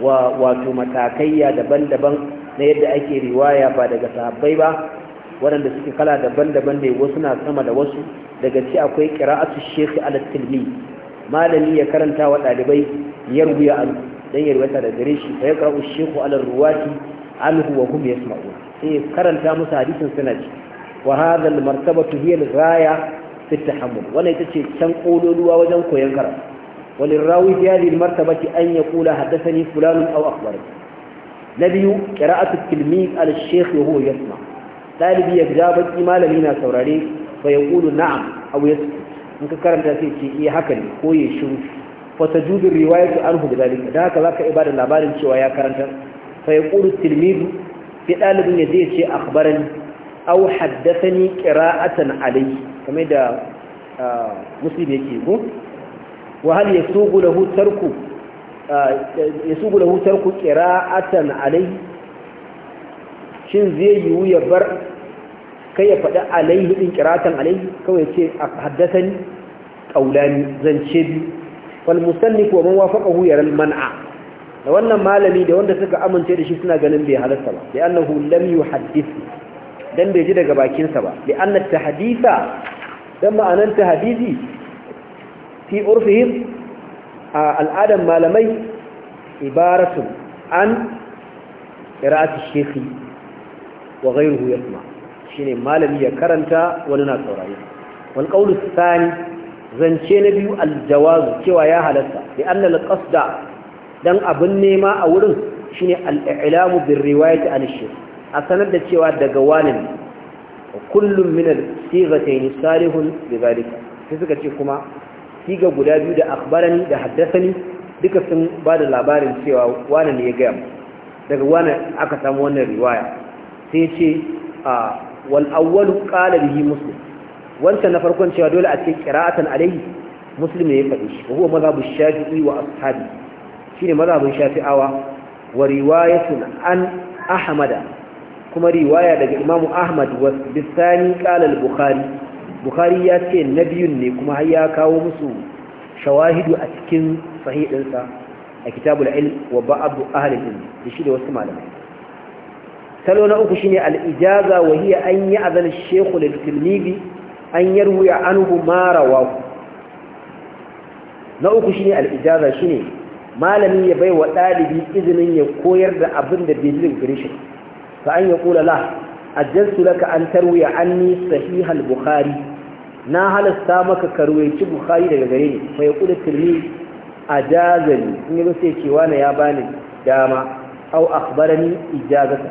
S1: wato matakaiya daban-daban na yadda ake riwaya ba daga sahabbai ba waɗanda suke kala daban-daban ne wasu na sama da wasu daga ci akwai qira'atu shaykh al-tilmi malami ya karanta wa dalibai yarwiya an dan yarwata da gare shi fa yaqra'u shaykh al-ruwati anhu wa hum yasma'un sai karanta musu hadisin suna ji wa hadha al-martabatu hiya al-ghaya fi tahammul wannan ita ce can kololuwa wajen koyon karatu walin rawi bi hadhihi martabati an yaqula haddathani fulanun aw akhbarani na biyu qira'atu tilmiz al shaykh wa huwa yasma dalibi ya jaba malami na saurari fa yaqulu na'am aw yasma in ka karanta sai ce eh haka ne ko ya shiru fa tajudu riwayatu anhu bidalika da haka zaka ibada labarin cewa ya karanta fa yaqulu fi dalibin ya zai ce akhbarani aw haddathani qira'atan alayhi kamar da musulmi yake ku wa hal yasubu lahu tarku yasubu lahu tarku qira'atan alai shin zai yiwu ya bar kai ya faɗi alayhi din qira'atan alai kawai ce haddathani qawlani zance bi wal musannif wa man wafaqahu yara al man'a da wannan malami da wanda suka amince da shi suna ganin bai halarta ba annahu lam yuhaddith dan bai ji daga bakinsa ba ba annata tahditha dan ma'ananta hadisi fi urfihim a al'adan malamai ibaratun an qira'ati shekhi wa ghayruhu Shi ne malami ya karanta wani na saurare wal qawlu zance na biyu aljawaz cewa ya halatta bi anna da? dan abin nema a wurin shine al-i'lamu bir riwayati ta shekhi a sanar da cewa daga wani kullum min al-sighatayn salihun bi zalika sai suka ce kuma siga guda biyu da akbarani da haddathani duka sun bada labarin cewa wani ne ya ga daga wani aka samu wannan riwaya sai ce a wal awwalu qala bihi muslim wanda na farkon cewa dole a ce qira'atan alayhi muslim ne ya faɗi shi ko mazhabu shafi'i wa ashabi shine mazhabin shafi'awa wa riwayatun an ahmada kuma riwaya daga imamu ahmad wa bisani kalal bukhari bukhari ya ce na biyun ne kuma har ya kawo musu shawahidu a cikin sahihinsa a kitabul ilm wa ba'adu ahlil ilm da shi da wasu malamai salo na uku shine al ijaza wa hiya an ya'zan shaykhu lil tilmizi an yarwi anhu ma rawahu na uku shine al ijaza shine malami ya bai wa dalibi izinin ya koyar da abin da bai gare shi fa an yaqula la ajjaltu laka an tarwiya anni sahih al-bukhari na halasta maka karwayi bukhari daga gare ni fa yaqulu tirmidhi ajazani in ya sai cewa na ya bani dama aw akhbarani ijazata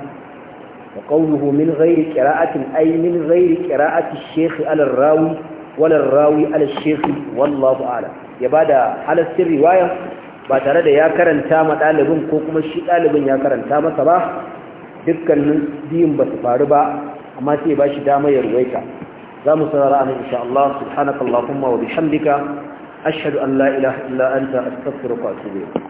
S1: wa qawluhu min ghairi qira'atin ay min ghairi qira'ati ash-shaykh ala rawi wala rawi ala ash-shaykh wallahu a'lam ya bada halastin riwaya ba tare da ya karanta ma ɗalibin ko kuma shi ɗalibin ya karanta masa ba dukkanin biyun ba su faru ba amma sai ba shi dama ya ruwaita za mu sarara a insha Allah subhanakallahumma wa bihamdika ashhadu an la ilaha illa anta astaghfiruka wa atubu